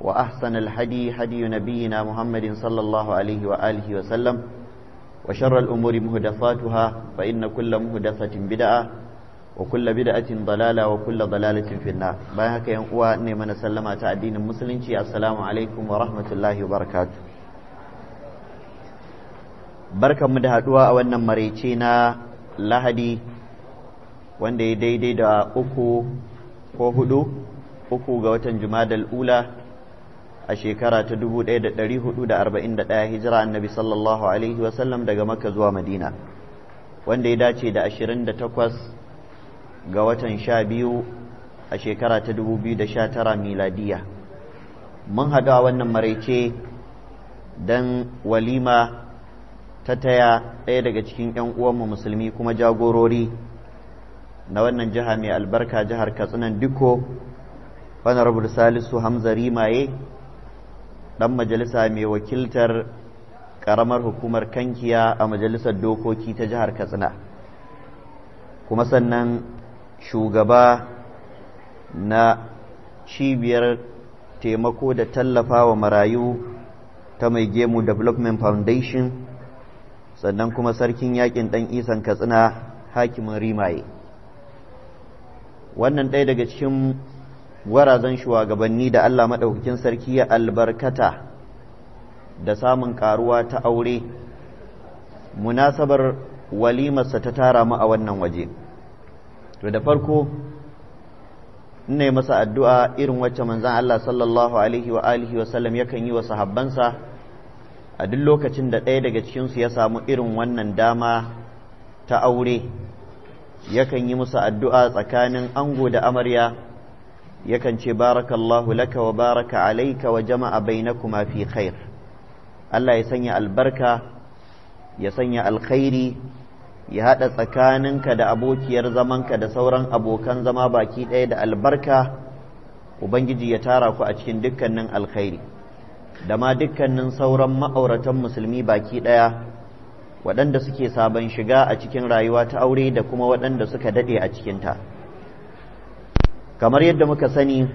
وأحسن الهدي هدي نبينا محمد صلى الله عليه وآله وسلم وشر الأمور مهدفاتها فإن كل مهدفة بدعة وكل بدعة ضلالة وكل ضلالة في النار باهك ينقوى أني من سلم تعدين المسلم السلام عليكم ورحمة الله وبركاته بركة مدهدوا أولنا مريتينا لهدي wanda ya daidai da uku ko hudu uku ga watan jumadal ula a shekara ta 1441 hijira annabi sallallahu alaihi wasallam daga maka zuwa madina wanda ya dace da 28 ga watan 12 a shekara ta 2019 miladiya mun haɗu wannan maraice don walima ta taya ɗaya daga cikin 'yan uwanmu musulmi kuma jagorori na wannan jiha mai albarka jihar katsinan diko honorable salisu hamza rimaye ɗan majalisa mai wakiltar ƙaramar hukumar kankiya a majalisar dokoki ta jihar katsina kuma sannan shugaba na cibiyar taimako da tallafa wa marayu ta mai gemu development foundation sannan kuma sarkin yakin ɗan isan katsina hakimin rimaye wannan ɗaya daga cikin gwarazan shugabanni da Allah maɗaukakin sarki ya albarkata da samun ƙaruwa ta aure munasabar walimarsa ta tara mu a wannan waje to da farko ina yi masa addu'a irin wacce manzan Allah sallallahu alaihi wa alihi wa sallam yakan yi wa sahabbansa a duk lokacin da ɗaya daga cikinsu ya samu irin wannan dama ta aure yakan yi musu addu'a tsakanin ango da amarya yakan ce barakallahu laka wa baraka alaika wa jama'a bainakuma fi khair Allah ya sanya albarka ya sanya alkhairi ya haɗa tsakaninka da abokiyar zaman ka da sauran abokan zama baki ɗaya da albarka ubangiji ya tara ku a cikin dukkanin alkhairi da ma dukkanin sauran ma'auratan musulmi baki ɗaya waɗanda suke sabon shiga a cikin rayuwa ta aure da kuma waɗanda suka daɗe a cikinta. ta kamar yadda muka sani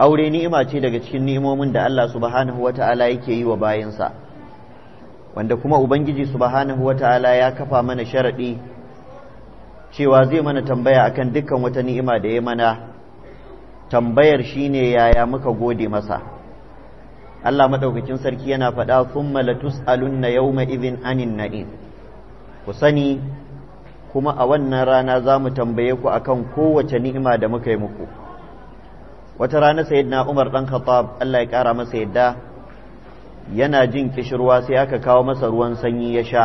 aure ni'ima ce daga cikin ni'imomin da Allah subhanahu wata'ala yake yi wa bayansa wanda kuma ubangiji subhanahu wata'ala ya kafa mana sharaɗi cewa zai mana tambaya akan dukkan wata ni'ima da ya mana tambayar shine yaya muka gode masa Allah madaukakin sarki yana faɗa thumma latus'alunna yawma idhin anin na'in ku sani kuma a wannan rana za mu tambaye ku akan kowace ni'ima da muka yi muku wata rana sayyidina Umar dan Khattab Allah ya kara masa yadda yana jin kishirwa sai aka kawo masa ruwan sanyi ya sha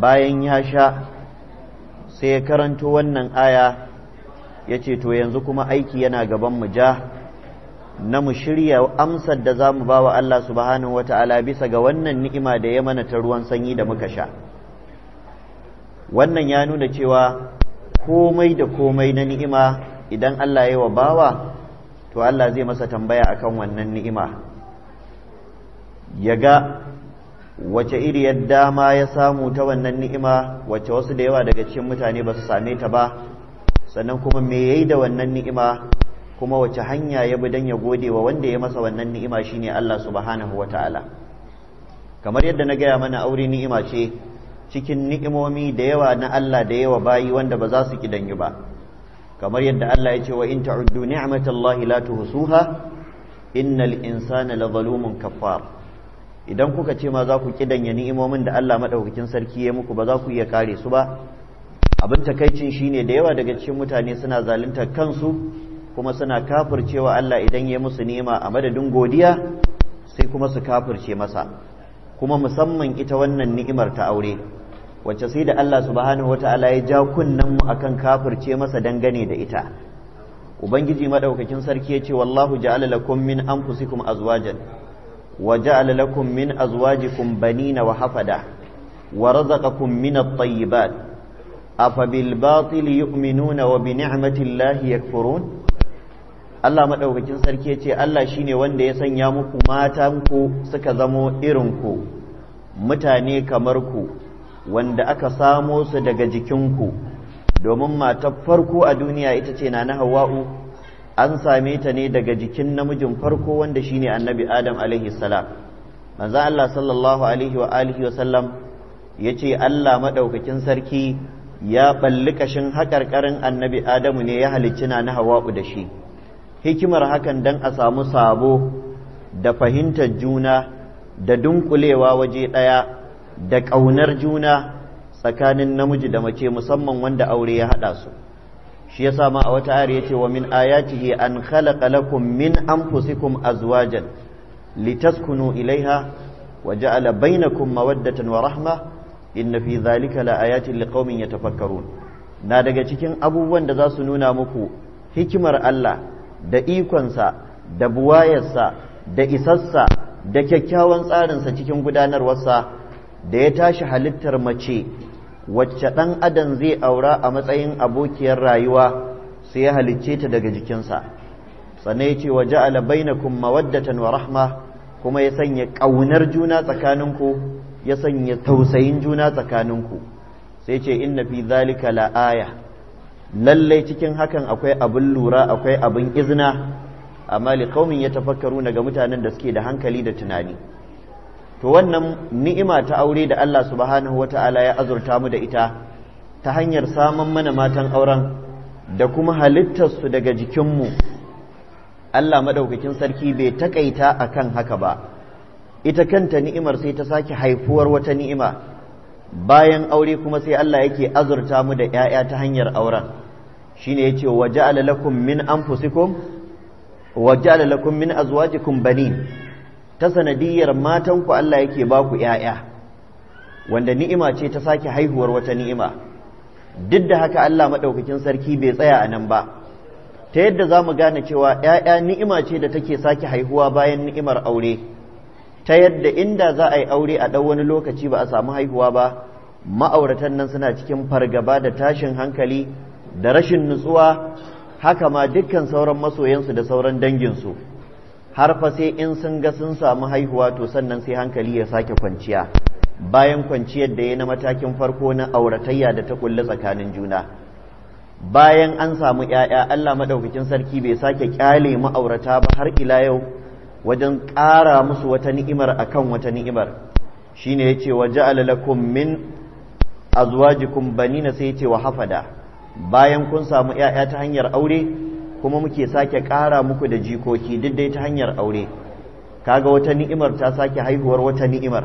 bayan ya sha sai ya karanto wannan aya ya ce to yanzu kuma aiki yana gaban mu ja na mu shirya amsar da za mu ba wa Allah subhanahu wa ta'ala bisa ga wannan ni'ima da ya mana ta ruwan sanyi da muka sha wannan ya nuna cewa komai da komai na ni'ima idan Allah ya wa bawa to Allah zai masa tambaya akan wannan ni'ima ya ga wace iriyar dama ya samu ta wannan ni'ima wace wasu da yawa daga cikin mutane ba su same ta ba sannan kuma me yayi da wannan ni'ima kuma wace hanya ya bi don ya gode wa wanda ya masa wannan ni'ima shine Allah subhanahu ta'ala? kamar yadda na gaya mana aure ni'ima ce cikin ni'imomi da yawa na Allah da yawa bayi wanda ba za su kidanyu ba kamar yadda Allah ya ce wa in ta'uddu ni'matallahi la tuhsuha innal insana la zalumun kaffar idan kuka ce ma za ku kidanya ni'imomin da Allah madaukakin sarki ya muku ba za ku iya kare su ba abin takaicin shine da yawa daga cikin mutane suna zalunta kansu kuma suna kafircewa Allah idan ya musu ni'ima a madadin godiya sai kuma su kafirce masa kuma musamman ita wannan ni'imar ta aure wacce sai da Allah subhanahu wata'ala ya ja kunnen mu akan kafirce masa dangane da ita ubangiji madaukakin sarki ya ce wallahu ja'ala lakum min anfusikum azwajan wa ja'ala lakum min azwajikum banina wa hafada wa razaqakum min at-tayyibat afa bil batili yu'minuna wa bi ni'mati llahi yakfurun Allah madaukakin sarki ya ce Allah shine wanda ya sanya muku matanku suka zamo irin ku mutane kamar ku wanda aka samo su daga jikinku domin matar farko a duniya ita ce na hawa'u an same ta ne daga jikin namijin farko wanda shine annabi adam alaihi salam manzo Allah sallallahu alaihi wa alihi wa sallam yace Allah madaukakin sarki ya balli kashin haƙarƙarin annabi adamu ne ya halicci na hawa'u da shi hikimar hakan dan a samu sabo da fahimtar juna da dunkulewa waje ɗaya da ƙaunar juna tsakanin namiji da mace musamman wanda aure ya haɗa su shi yasa ma a wata ariya ce wa min ayatihi an khalaqa lakum min anfusikum azwajan litaskunu ilaiha wa ja'ala bainakum mawaddatan wa rahma inna fi dhalika laayatin liqaumin yatafakkarun na daga cikin abubuwan da za su nuna muku hikimar Allah da ikonsa da buwayarsa da isassa da kyakkyawan tsarinsa cikin gudanarwarsa da ya tashi halittar mace wacce ɗan adam zai aura a matsayin abokiyar rayuwa sai ya halicce ta daga jikinsa sannan ya ce wa ja'ala bainakum mawaddatan wa rahma kuma ya sanya ƙaunar juna tsakaninku ya sanya tausayin juna tsakaninku sai ce inna fi zalika la lallai cikin hakan akwai abin lura akwai abin izina amma ya liqaumin yatafakkaruna ga mutanen da suke da hankali da tunani to wannan ni'ima ta aure da Allah subhanahu wata'ala ya azurta mu da ita ta hanyar saman mana matan auren da kuma halittar su daga jikinmu Allah madaukakin sarki bai takaita akan haka ba ita kanta ni'imar sai ta sake haifuwar wata ni'ima bayan aure kuma sai Allah yake azurta mu da 'ya'ya ta hanyar auren shine yace waja'ala lakum min anfusikum waja'ala lakum min azwajikum banin ta sanadiyar matanku Allah yake ba ku ‘ya'ya wanda ni'ima ce ta sake haihuwar wata ni'ima duk da haka Allah maɗaukakin sarki bai tsaya a nan ba ta yadda za mu gane cewa ‘ya'ya ni'ima ce da take sake haihuwa bayan ni'imar aure ta yadda inda za a yi aure a ɗau wani lokaci ba a samu haihuwa ba ma'auratan nan suna cikin fargaba da tashin hankali da rashin nutsuwa haka ma dukkan sauran masoyansu da sauran danginsu. har fa sai in sun ga sun samu haihuwa to sannan sai hankali ya sake kwanciya bayan kwanciyar da ya na matakin farko na auratayya da ta kulle tsakanin juna bayan an samu ‘ya'ya Allah maɗaukakin sarki bai sake ƙyale ma'aurata ba har ila yau wajen ƙara musu wata ni'imar a kan wata ni'imar shine ya ce wa ja'ala lakum min azwajikum banina sai ya ce wa hafada bayan kun samu ‘ya'ya ta hanyar aure kuma muke sake ƙara muku da jikoki duk dai ta hanyar aure kaga wata ni'imar ta sake haihuwar wata ni'imar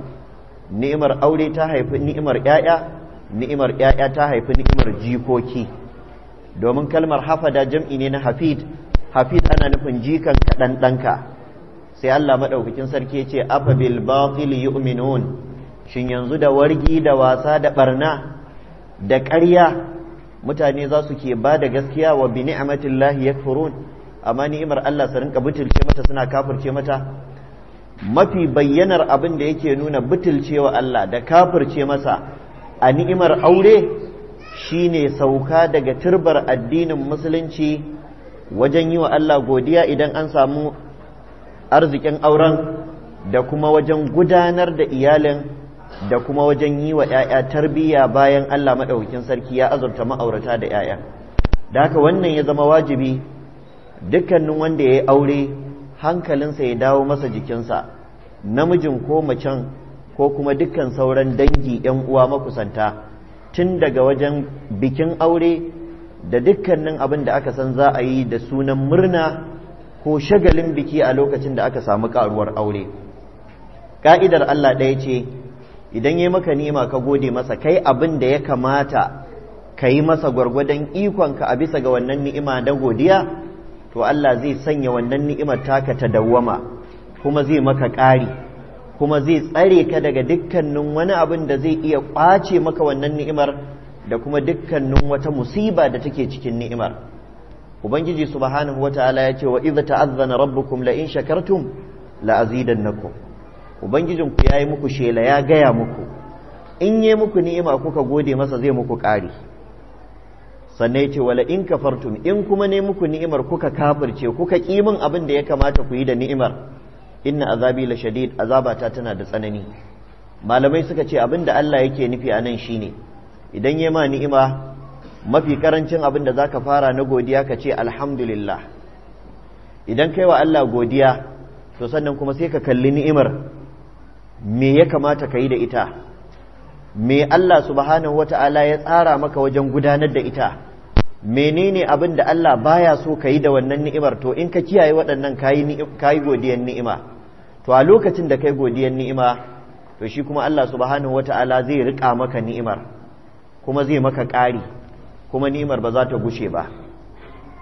ni'imar aure ta haifi ni'imar ƴaƴa ni'imar ƴaƴa ta haifi ni'imar jikoki domin kalmar hafada jam'i ne na hafid hafid ana nufin jikan kaɗan ɗanka sai Allah maɗaukakin sarki ya ce afa bil batil yu'minun shin yanzu da wargi da wasa da ɓarna da ƙarya mutane za su ke ba da gaskiya wa bi ya yakfurun amma ni'imar Allah su rinka butulce mata suna kafirce mata mafi bayyanar abin da yake nuna wa Allah da kafirce masa a ni'imar aure shine sauka daga turbar addinin musulunci wajen yi wa Allah godiya idan an samu arzikin auren da kuma wajen gudanar da iyalin da kuma wajen yi wa 'ya'ya tarbiyya bayan Allah maɗaukin sarki ya azurta ma'aurata da 'ya'ya da haka wannan ya zama wajibi dukkanin wanda ya yi aure hankalinsa ya dawo masa jikinsa namijin ko macen ko kuma dukkan sauran dangi 'yan uwa makusanta tun daga wajen bikin aure da dukkanin abin da aka san za a yi da sunan murna ko shagalin biki a lokacin da aka samu ƙaruwar aure ka'idar Allah ɗaya ce idan ya maka nima ka gode masa kai abin da ya kamata ka yi masa gwargwadon ikonka a bisa ga wannan ni'ima da godiya to Allah zai sanya wannan ni'imar taka ta dawwama kuma zai maka ƙari kuma zai tsare ka daga dukkanin wani abin da zai iya ƙwace maka wannan ni'imar da kuma dukkanin wata musiba da take cikin ni'imar ubangiji subhanahu wataala ya ce wa idza ta'azzana rabbukum la in shakartum la azidannakum Ubangijin ku ya yi muku shela ya gaya muku in yi muku ni'ima kuka gode masa zai muku ƙari sannan ce wala in ka kafartum in kuma ne muku ni'imar kuka kafirce kuka ƙimin abin da ya kamata ku yi da ni'imar inna azabi la shadid azabata tana da tsanani malamai suka ce abin da Allah yake nufi a nan shine idan ya ma ni'ima mafi karancin abin da za ka fara na godiya ka ce alhamdulillah idan kai wa Allah godiya to sannan kuma sai ka kalli ni'imar me ya kamata ka yi da ita me Allah subhanahu wa ta'ala ya tsara maka wajen gudanar da ita menene abin da Allah baya so ka yi da wannan ni'imar to in ka kiyaye waɗannan ka yi godiyar ni'ima to a lokacin da kai godiyar ni'ima to shi kuma Allah subhanahu wa ta'ala zai riƙa maka ni'imar kuma zai maka ƙari kuma ni'imar ba za ta gushe ba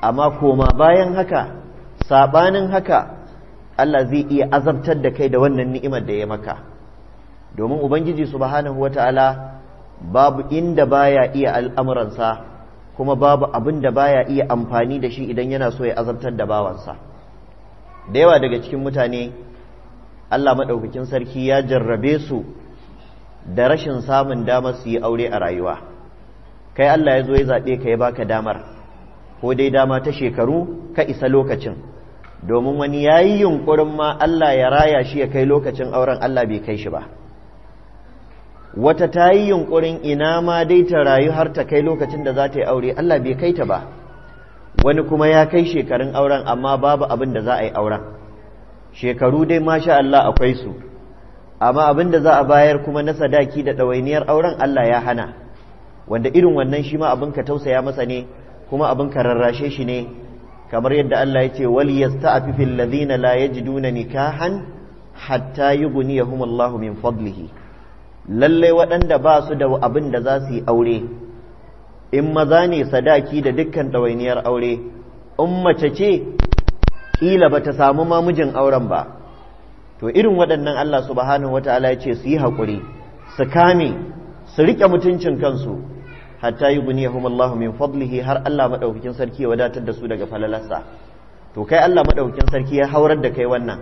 amma koma bayan haka saɓanin haka Allah zai iya azabtar da kai da wannan ni'imar da ya maka domin ubangiji subhanahu wata'ala babu inda baya iya al'amuransa kuma babu abin da baya iya amfani da shi idan yana so ya azabtar da bawansa da yawa daga cikin mutane Allah maɗaukakin sarki ya jarrabe su da rashin samun damar su yi aure a rayuwa kai Allah ya zo ya zaɓe ka ya baka damar ko dai dama ta shekaru ka isa lokacin domin wani ya yi yunkurin ma Allah ya raya shi ya kai lokacin auren Allah bai kai shi ba wata ta yi yunkurin ina ma dai ta rayu har ta kai lokacin da za ta yi aure Allah bai kai ta ba wani kuma ya kai shekarun auren amma babu abin da za a yi auren shekaru dai masha Allah akwai su amma abin da za a bayar kuma na sadaki da ɗawainiyar auren Allah ya hana wanda irin wannan shi ma abin ka tausaya masa ne kuma abin ka rarrashe shi ne kamar yadda Allah ya ce wal yasta'fifu ladina la yajiduna nikahan hatta yughniyahum Allahu min fadlihi lalle waɗanda ba su da abin da za su yi aure in maza ne sadaki da dukkan ɗawainiyar aure in mace ce kila ba ta samu mijin auren ba to irin waɗannan Allah subhanahu wataala ya ce su yi haƙuri su kame su riƙe mutuncin kansu hatta yughniyahum Allahu min fadlihi har Allah maɗaukakin sarki ya wadatar da su daga falalarsa to kai Allah maɗaukakin sarki ya haurar da kai wannan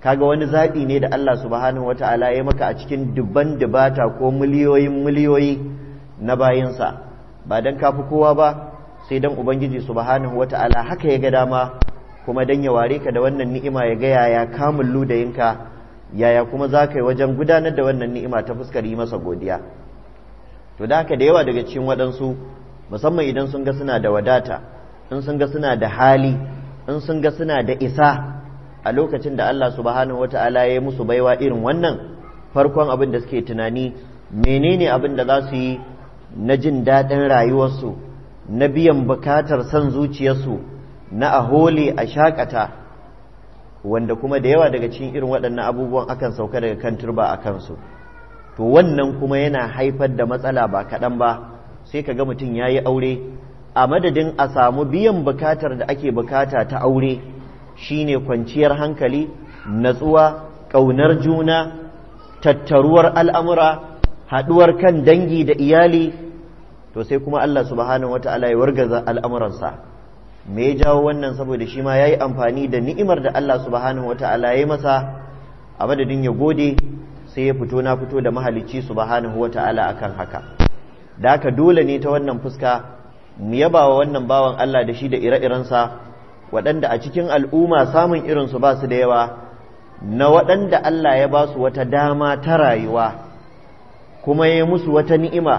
kaga wani zaɓi ne da Allah subhanahu wataala ya maka a cikin dubban dubata ko miliyoyin miliyoyi na bayinsa ba dan kafi kowa ba sai dan ubangiji subhanahu wataala haka ya ga dama kuma dan ya ware ka da wannan ni'ima ya ga yaya da yinka yaya kuma za ka yi wajen gudanar da wannan ni'ima ta fuskar yi masa godiya to da haka da yawa daga cikin waɗansu musamman idan sun ga suna da wadata in sun ga suna da hali in sun ga suna da isa a lokacin da Allah subhanahu wata'ala ya yi musu baiwa irin wannan farkon abin da suke tunani menene abin da za su yi na jin daɗin rayuwarsu na biyan bukatar son zuciyarsu na ahole a shakata wanda kuma da yawa daga cikin irin waɗannan abubuwan akan sauka daga kan turba a kansu. to wannan kuma yana haifar da matsala ba kaɗan ba sai ka ga mutum ya yi aure a madadin a samu biyan bukatar da ake bukata ta aure shine kwanciyar hankali natsuwa ƙaunar juna tattaruwar al'amura haɗuwar kan dangi da iyali to sai kuma Allah subhanahu wa ta'ala ya wargaza al'amuransa me ya jawo wannan saboda shi ma ya yi amfani da ni'imar da Allah subhanahu wa ta'ala ya masa a madadin ya gode sai ya fito na fito da mahalicci subhanahu wata'ala akan haka da haka dole ne ta wannan fuska mu yaba wa wannan bawan Allah da shi da ire-irensa waɗanda a cikin al'umma samun irinsu ba su da yawa na waɗanda Allah ya ba su wata dama ta rayuwa kuma ya musu wata ni'ima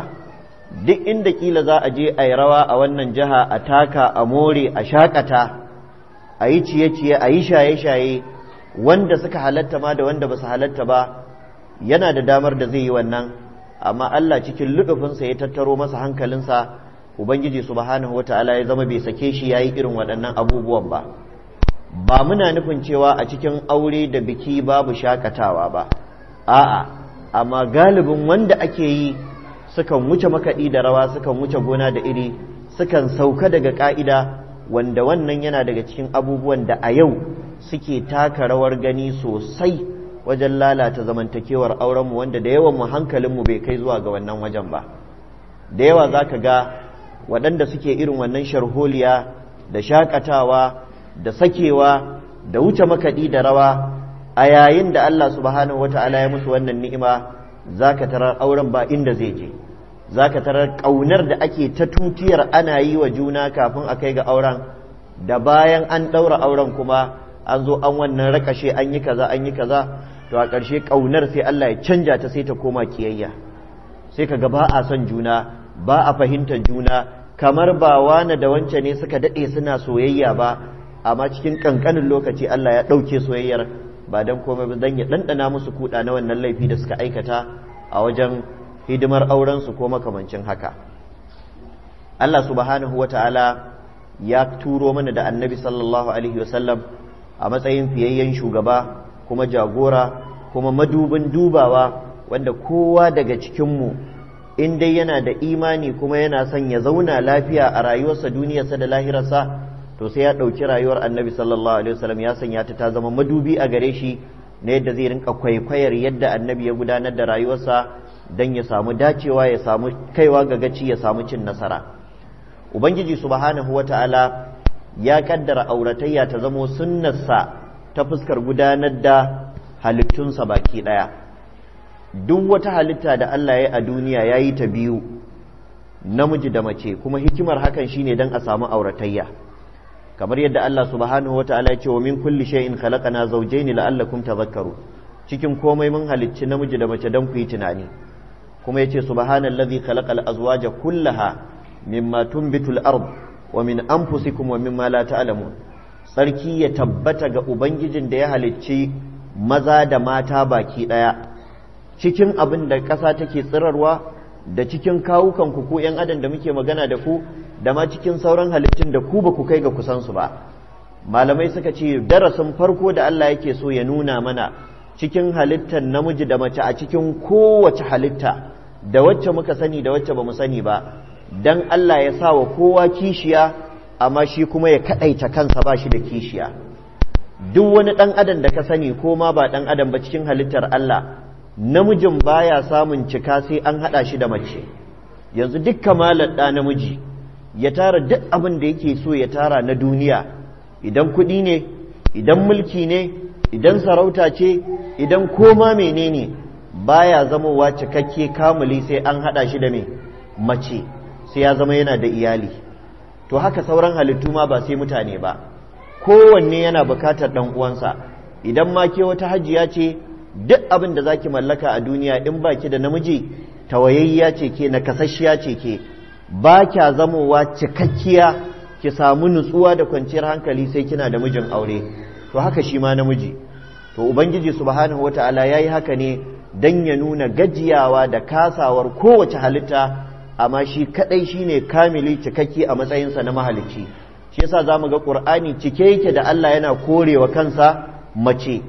duk inda kila za a je a yi rawa a wannan jiha a taka a more a shakata a yi ciye-ciye a yi shaye-shaye wanda suka halatta ma da wanda ba su halatta ba yana da damar da zai yi wannan amma Allah cikin luɗufinsa ya tattaro masa hankalinsa ubangiji subhanahu wata'ala ya zama bai sake shi yayi irin waɗannan abubuwan ba ba muna nufin cewa a cikin aure da biki babu shakatawa ba a'a amma galibin wanda ake yi sukan wuce makaɗi da rawa sukan wuce gona da iri sukan sauka daga ƙa'ida, wanda wannan yana daga cikin abubuwan da a yau suke taka rawar gani sosai wajen lalata zamantakewar aurenmu wanda da yawan mu hankalinmu bai kai zuwa ga wannan wajen ba da yawa za ka ga waɗanda suke irin wannan sharholiya da shakatawa da sakewa da wuce makaɗi da rawa a yayin da Allah subhanahu wata'ala ya musu wannan ni'ima za ka tarar auren ba inda zai je za ka tarar ƙaunar da ake ta tutiyar ana yi wa juna kafin a kai ga auren da bayan an ɗaura auren kuma an zo an wannan rakashe an yi kaza an yi kaza to a ƙarshe ƙaunar sai Allah ya canja ta sai ta koma kiyayya sai ka ga ba a son juna ba a fahimtar juna kamar ba wani da wance ne suka daɗe suna soyayya ba amma cikin ƙanƙanin lokaci Allah ya ɗauke soyayyar ba don komai ba don ya ɗanɗana musu kuɗa na wannan laifi da suka aikata a wajen hidimar aurensu ko makamancin haka Allah subhanahu wa ta'ala ya turo mana da annabi sallallahu alaihi wasallam a matsayin fiyayyen shugaba kuma jagora kuma madubin dubawa wanda kowa daga cikinmu in dai yana da imani kuma yana son ya zauna lafiya a rayuwarsa duniyarsa da lahirarsa to sai ya ɗauki rayuwar annabi sallallahu alaihi wasallam ya sanya ta ta zama madubi a gare shi na yadda zai rinka kwaikwayar yadda annabi ya gudanar da rayuwarsa don ya samu dacewa ya samu kaiwa ga gaci ya samu cin nasara ubangiji subhanahu ta'ala. ya kaddara auratayya ta zamo sunnarsa ta fuskar gudanar da halittunsa baki ɗaya duk wata halitta da Allah ya yi a duniya ya yi ta biyu namiji da mace kuma hikimar hakan shine don a samu auratayya kamar yadda Allah subhanahu wa ta'ala ya ce wa min kulli shay'in khalaqana zawjayn la'allakum tadhakkaru cikin komai mun halicci namiji da mace don ku yi tunani kuma yace subhanallazi khalaqal azwaja kullaha mimma tunbitul arb wa min anfusikum wa mimma la ta'lamun sarki ya tabbata ga ubangijin da ya halicci maza da mata baki daya cikin abin da ƙasa take tsirarwa da cikin kawukan ku ko yan adam da muke magana da ku da ma cikin sauran halittun da ku ba ku kai ga kusan su ba malamai suka ce darasin farko da Allah yake so ya nuna mana cikin halittar namiji da mace a cikin kowace halitta da wacce muka sani da wacce ba mu sani ba dan Allah ya sa wa kowa kishiya amma shi kuma ya kaɗaita kansa ba shi da kishiya duk wani ɗan adam da ka sani ko ma ba dan adam ba cikin halittar Allah namijin baya samun cika sai an haɗa shi da mace yanzu duk kamalar da namiji ya tara duk abin da yake so ya tara na duniya idan kuɗi ne idan mulki ne idan sarauta ce idan koma menene baya zamowa cikakke kamuli sai an haɗa shi da mai mace sai ya zama yana da iyali to haka sauran halittu ma ba sai mutane ba kowanne yana bukatar dan uwansa idan ma ke wata hajiya ce duk abin da zaki mallaka a duniya in baki da namiji tawayayya ce ke nakasasshiya ce ke ba kya zamowa cikakkiya ki samu nutsuwa da kwanciyar hankali sai kina da mijin aure to haka shi ma namiji to ubangiji subhanahu wataala yayi haka ne dan ya nuna gajiyawa da kasawar kowace halitta amma shi kadai shine kamili cikakke a matsayinsa na mahalicci shi yasa zamu ga qur'ani cike yake da Allah yana korewa kansa mace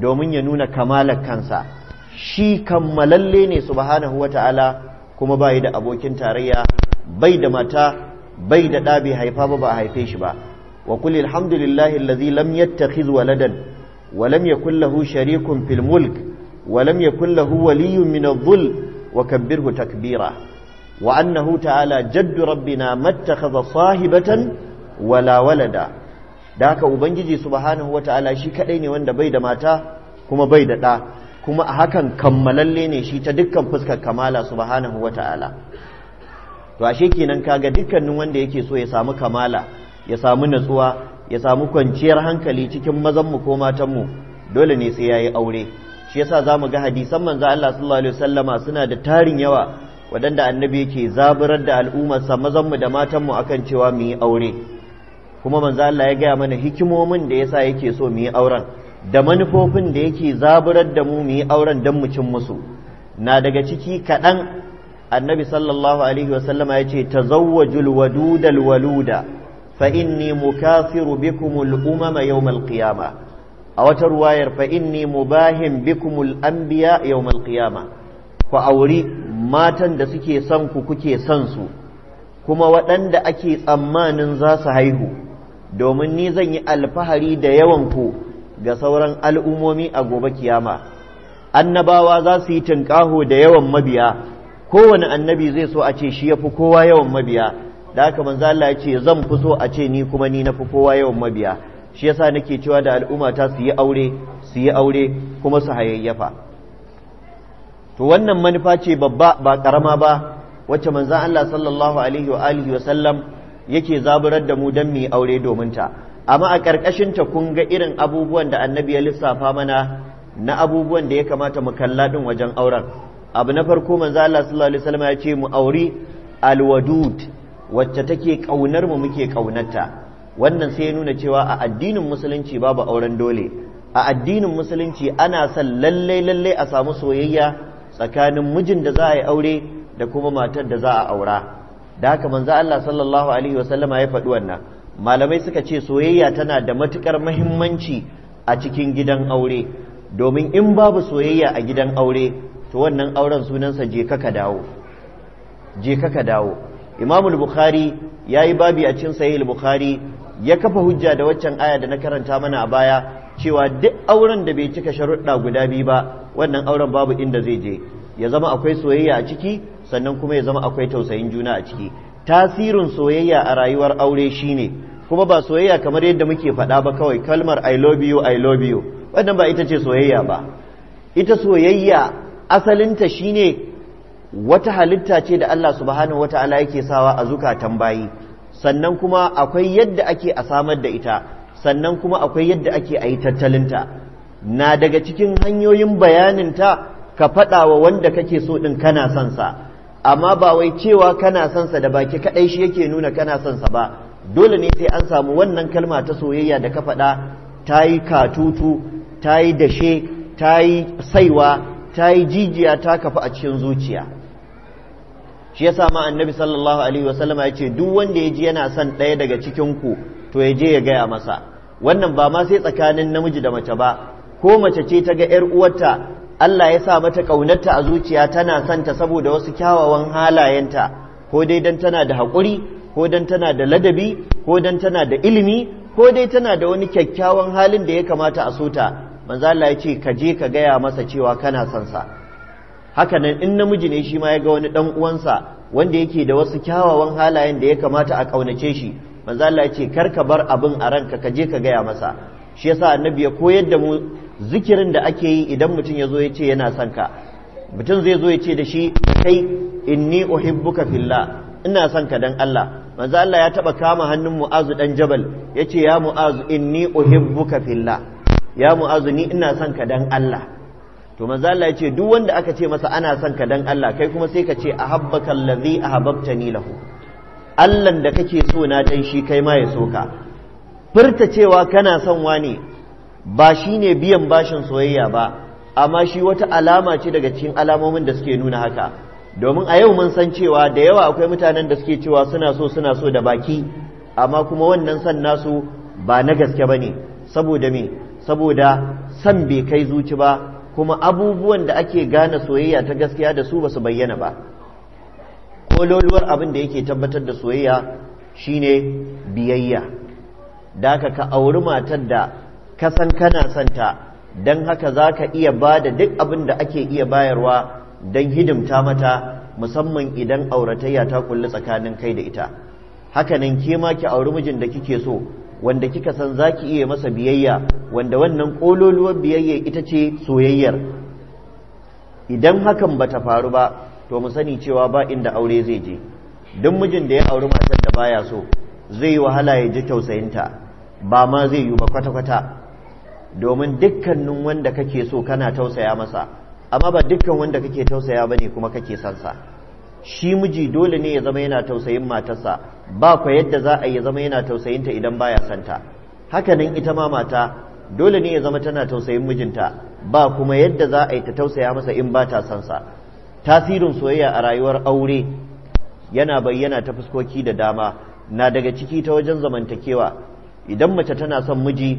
domin ya nuna kamalar kansa shi kammalalle ne subhanahu ta'ala kuma bai da abokin tarayya bai da mata bai da da bai haifa ba ba a haife shi ba wa qul alhamdulillahi allazi lam yattakhiz waladan wa lam yakul lahu sharikun fil mulk wa lam yakul lahu waliyyun min adh-dhul wa kabbirhu takbira wa annahu ta'ala jaddu rabbina mattakhadha sahibatan wala walada da haka ubangiji subhanahu wata'ala shi kadai ne wanda bai da mata kuma bai da da kuma a hakan kammalalle ne shi ta dukkan fuskar kamala subhanahu wata'ala to ashe kenan kaga dukkanin wanda yake so ya samu kamala ya samu natsuwa ya samu kwanciyar hankali cikin mazan mu ko matan mu dole ne sai yayi aure shi yasa zamu ga hadisan manzo Allah sallallahu alaihi wasallama suna da tarin yawa waɗanda annabi yake zaburar da al'ummarsa mazanmu da matanmu akan cewa mu yi aure kuma manzo Allah ya gaya mana hikimomin da yasa yake so mu yi auren da manufofin da yake zaburar da mu mu yi auren don mu cin musu na daga ciki kaɗan annabi sallallahu alaihi wasallama ya ce tazawwajul wadudal waluda fa inni mukafiru bikumul umama yawmal qiyama a wata ruwayar fa inni mubahim bikumul anbiya yawmal qiyama ku auri matan da suke son ku kuke son su kuma waɗanda ake tsammanin za su haihu domin ni zan yi alfahari da yawan ku ga sauran al'ummomi a gobe kiyama annabawa za su yi tunƙaho da yawan mabiya kowane annabi zai so a ce shi ya fi kowa yawan mabiya da aka manza Allah ya ce zan fi so a ce ni kuma ni na fi kowa yawan mabiya shi yasa nake cewa da al'umma ta su yi aure su yi aure kuma su hayayyafa to wannan manufa ce babba ba karama ba wacce manzo Allah sallallahu alaihi wa alihi wa sallam yake zaburar da mu dan mu aure domin ta amma a karkashin ta kun ga irin abubuwan da annabi ya lissafa mana na abubuwan da ya kamata mu kalla din wajen auren abu na farko manzo Allah sallallahu alaihi sallam ya ce mu auri alwadud wacce take kaunar mu muke kaunarta wannan sai ya nuna cewa a addinin musulunci babu auren dole a addinin musulunci ana son lallai-lallai a samu soyayya tsakanin mijin da za a yi aure da kuma matar da za a aura da haka manzo Allah sallallahu alaihi wasallama ya faɗi wannan malamai suka ce soyayya tana da matukar muhimmanci a cikin gidan aure domin in babu soyayya a gidan aure to wannan auren sunansa je ka dawo je ka dawo imamul bukhari yayi babi a cikin sahih bukhari ya kafa hujja da waccan aya da na karanta mana a baya cewa duk auren da bai cika sharuɗa guda biyu ba wannan auren babu inda zai je ya zama akwai soyayya a ciki sannan kuma ya zama akwai tausayin juna a ciki tasirin soyayya a rayuwar aure shine kuma ba soyayya kamar yadda muke faɗa ba kawai kalmar i love you i love you wannan ba ita ce soyayya ba ita soyayya asalinta shine wata halitta ce da Allah subhanahu wataala yake sawa a zukatan bayi sannan kuma akwai yadda ake a samar da ita sannan kuma akwai yadda ake a yi tattalinta na daga cikin hanyoyin bayaninta ka faɗawa wanda kake so ɗin kana sansa amma ba wai cewa kana sansa da baki kaɗai shi yake nuna kana sansa ba dole ne sai an samu wannan kalma ta soyayya da ka faɗa ta yi katutu ta yi dashe ta yi saiwa ta yi jijiya ta kafa a cikin zuciya shi yasa ma annabi sallallahu alaihi wasallama ya ce duk wanda ya ji yana son ɗaya daga cikinku to ya je ya gaya masa wannan ba ma sai tsakanin namiji da mace ba ko mace ce ta ga ‘yar uwarta Allah ya sa mata ƙaunarta a zuciya tana santa saboda wasu kyawawan halayenta ko dai dan tana da haƙuri ko dan tana da ladabi ko dan tana da ilimi ko dai tana da wani kyakkyawan halin da ya kamata a sota manzo Allah ya ce ka je ka gaya masa cewa kana son sa haka nan in namiji ne shi ma ya ga wani dan uwansa wanda yake da wasu kyawawan halayen da ya kamata a ƙaunace shi manzo Allah ya ce kar ka bar abin a ranka ka je ka gaya masa shi yasa annabi ya koyar da mu zikirin da ake yi idan mutum ya zo ya ce yana son ka mutum zai zo ya ce da shi kai inni uhibbuka fillah ina son ka dan Allah manzo Allah ya taba kama hannun Mu'azu dan Jabal yace ya Mu'azu inni uhibbuka fillah ya Mu'azu ni ina son ka dan Allah to manzo Allah ce duk wanda aka ce masa ana son ka dan Allah kai kuma sai ka ce ahabbaka allazi ahabbtani lahu allahn da kake so na dan shi kai ma ya so ka furta cewa kana son wani ba shine biyan bashin soyayya ba amma shi wata alama ce daga cikin alamomin da suke nuna haka domin a yau mun san cewa da yawa akwai mutanen da suke cewa suna so suna so da baki amma kuma wannan san nasu ba na gaske ba ne saboda me saboda san bai kai zuci ba kuma abubuwan da ake gane soyayya ta gaskiya da su basu bayyana ba kololuwar abin da yake tabbatar da soyayya shine biyayya da ka ka auri matar da ka san kana santa don haka za ka iya ba da duk abin da ake iya bayarwa don hidimta mata musamman idan auratayya ta kulle tsakanin kai da ita hakanan ke ma ki auri mijin da kike so wanda kika san za ki iya masa biyayya wanda wannan ƙololuwar biyayya ita ce soyayyar idan hakan bata faru ba to mu sani cewa ba inda aure zai je duk mijin da ya auri matar da baya so zai wahala ya ji tausayinta ba ma zai yi ba kwata-kwata domin dukkanin wanda kake so kana tausaya masa amma ba dukkan wanda kake tausaya bane kuma kake sansa shi miji dole ne ya zama yana tausayin matarsa ba kwa yadda za a yi zama yana tausayinta idan baya santa hakanan ita ma mata dole ne ya zama tana tausayin mijinta ba kuma yadda za a yi ta tausaya masa in ba ta sansa tasirin soyayya a rayuwar aure yana bayyana ta fuskoki da dama na daga ciki ta wajen zamantakewa idan mace tana son miji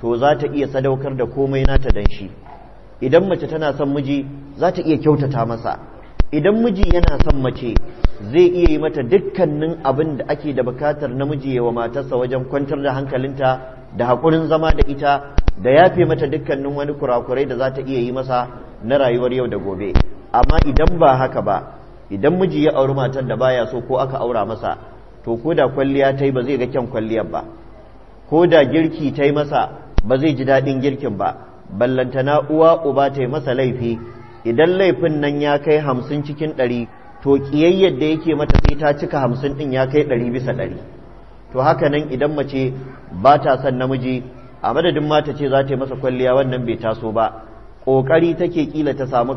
to za ta iya sadaukar da komai nata dan shi idan mace tana son miji za ta iya kyautata masa idan miji yana son mace zai iya yi mata dukkanin abin da ake da bukatar namiji yawa matarsa wajen kwantar da hankalinta da haƙurin zama da ita da yafe mata dukkanin wani kurakurai da za ta iya yi masa na rayuwar yau da gobe amma idan ba haka ba idan miji ya auri matar da baya so ko aka aura masa to ko da kwalliya ta yi ba zai ga kyan kwalliyar ba ko da girki ta yi masa ba zai ji daɗin girkin ba ballanta ballantana uwa uba ta yi masa laifi idan laifin nan ya kai hamsin cikin ɗari to ƙiyayyar da yake mata sai ta cika hamsin ɗin ya kai ɗari bisa ɗari to haka nan idan mace ba ta son namiji a madadin mata ce za ta yi masa kwalliya wannan bai taso ba ƙoƙari take ƙila ta samu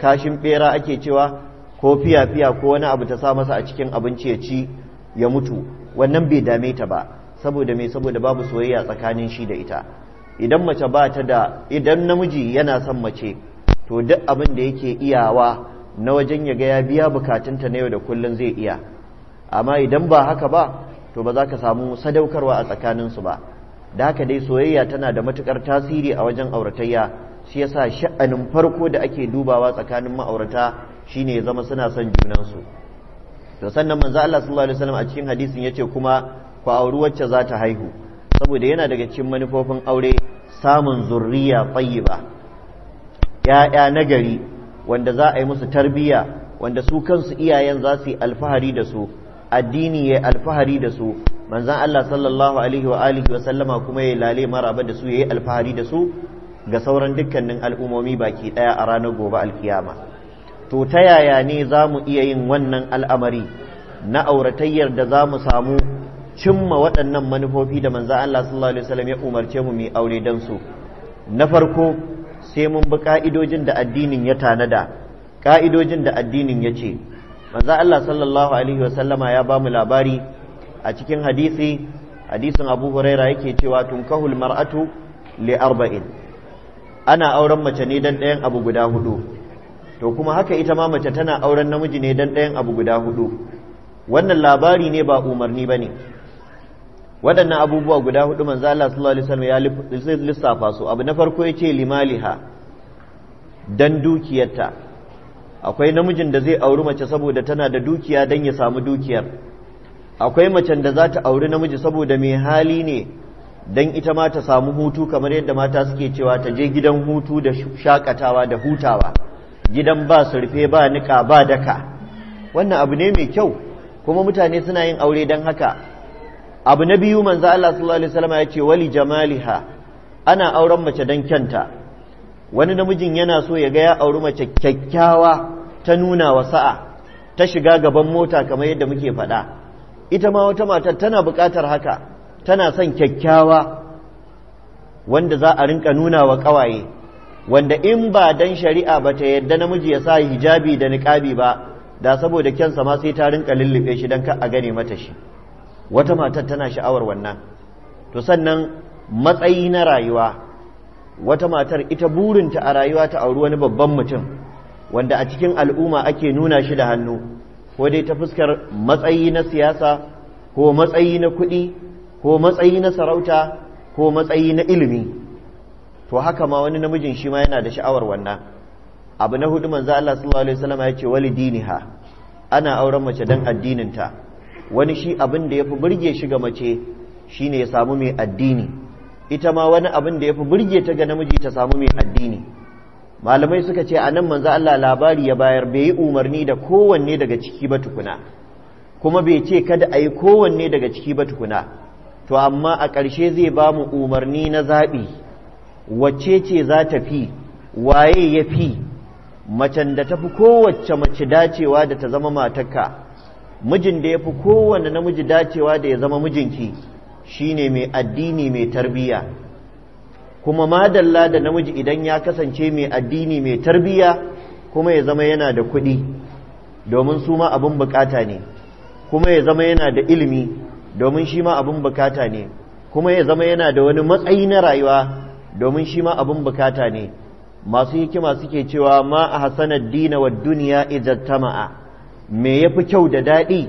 kashin ɓera ake cewa ko fiya-fiya ko wani abu ta sa masa a cikin abinci ya ci ya mutu wannan bai dame ta ba saboda mai saboda babu soyayya tsakanin shi da ita idan mace ba ta da idan namiji yana son mace to duk abin da yake iyawa na wajen ya ga ya biya bukatunta na yau da kullum zai iya amma idan ba haka ba to ba za ka samu sadaukarwa a tsakaninsu ba da haka dai soyayya tana da matukar tasiri a wajen auratayya shi yasa sha'anin farko da ake dubawa tsakanin ma'aurata shine ya zama suna son junansu to sannan manzo Allah sallallahu alaihi wasallam a cikin hadisin ya ce kuma ku auri wacce za ta haihu saboda yana daga cikin manufofin aure samun zurriya tayyiba ya'ya nagari wanda za a yi musu tarbiyya wanda su kansu iyayen za su yi alfahari da su addini ya alfahari da su manzan Allah sallallahu alaihi wa alihi wa sallama kuma ya lale maraba da su ya yi alfahari da su ga sauran dukkanin al'umomi baki ɗaya a ranar gobe alkiyama to ta yaya ne za mu iya yin wannan al'amari na auratayyar da za mu samu cimma waɗannan manufofi da manza Allah sallallahu Alaihi wasallam ya umarce mu mai aure don su na farko sai mun bi ƙa'idojin da addinin ya tanada ƙa'idojin da addinin ya ce manza Allah sallallahu Alaihi wasallama ya ba mu labari a cikin hadisi hadisin abu huraira yake cewa tunkahul mar'atu le arba'in ana auren mace ne dan ɗayan abu guda hudu to kuma haka ita ma mace tana auren namiji ne dan ɗayan abu guda hudu wannan labari ne ba umarni ba ne waɗannan abubuwa guda hudu manzo Allah sallallahu alaihi wasallam ya lissafa su abu na farko yace limaliha dan dukiyarta akwai namijin da zai auri mace saboda tana da dukiya dan ya samu dukiyar akwai macen da za ta auri namiji saboda mai hali ne don ita ma ta samu hutu kamar yadda mata suke cewa ta je gidan hutu da shakatawa da hutawa gidan ba su rufe ba nika ba daka wannan abu ne mai kyau kuma mutane suna yin aure don haka abu na biyu manza Allah sallallahu alaihi wasallam ya ce wali jamaliha ana auren mace don kyanta wani namijin yana so ya ga ya auri mace kyakkyawa ta nuna wa sa'a ta shiga gaban mota kamar yadda muke faɗa ita ma wata matar tana buƙatar haka tana son kyakkyawa wanda za a rinka nuna wa ƙawaye wanda in ba dan shari'a ba ta yadda namiji ya sa hijabi da niƙabi ba da saboda kyansa ma sai ta rinka lullube shi don ka a gane mata shi wata matar tana sha'awar wannan to sannan matsayi na rayuwa wata matar ita burinta a rayuwa ta auri wani babban mutum wanda a cikin al'umma ake nuna shi da hannu ko dai ta fuskar matsayi na siyasa ko matsayi na kuɗi ko matsayi na sarauta ko matsayi na ilimi to haka ma wani namijin shi ma yana da sha'awar wannan abu na hudu manzo Allah sallallahu alaihi wasallam ya ce diniha ana auren mace dan addininta wani shi abin da yafi burge shi ga mace shine ya samu mai addini ita ma wani abin da yafi burge ta ga namiji ta samu mai addini malamai suka ce anan manzo Allah labari ya bayar bai yi umarni da kowanne daga ciki ba tukuna kuma bai ce kada a yi kowanne daga ciki ba tukuna to amma a ƙarshe zai ba mu umarni na zaɓi wacce ce za ta fi waye ya fi macen da ta fi kowace mace dacewa da ta zama matarka mijin da ya fi kowane namiji dacewa da ya zama mijinki shine mai addini mai tarbiyya kuma madalla da namiji idan ya kasance mai addini mai tarbiyya kuma ya zama yana da kuɗi domin su ma abin bukata ne kuma ya zama yana da ilimi domin shi ma abin bukata ne kuma ya zama yana da wani matsayi na rayuwa domin shi ma abin bukata ne masu hikima suke cewa ma a hasanar dina wa duniya ma'a. me ya fi kyau da daɗi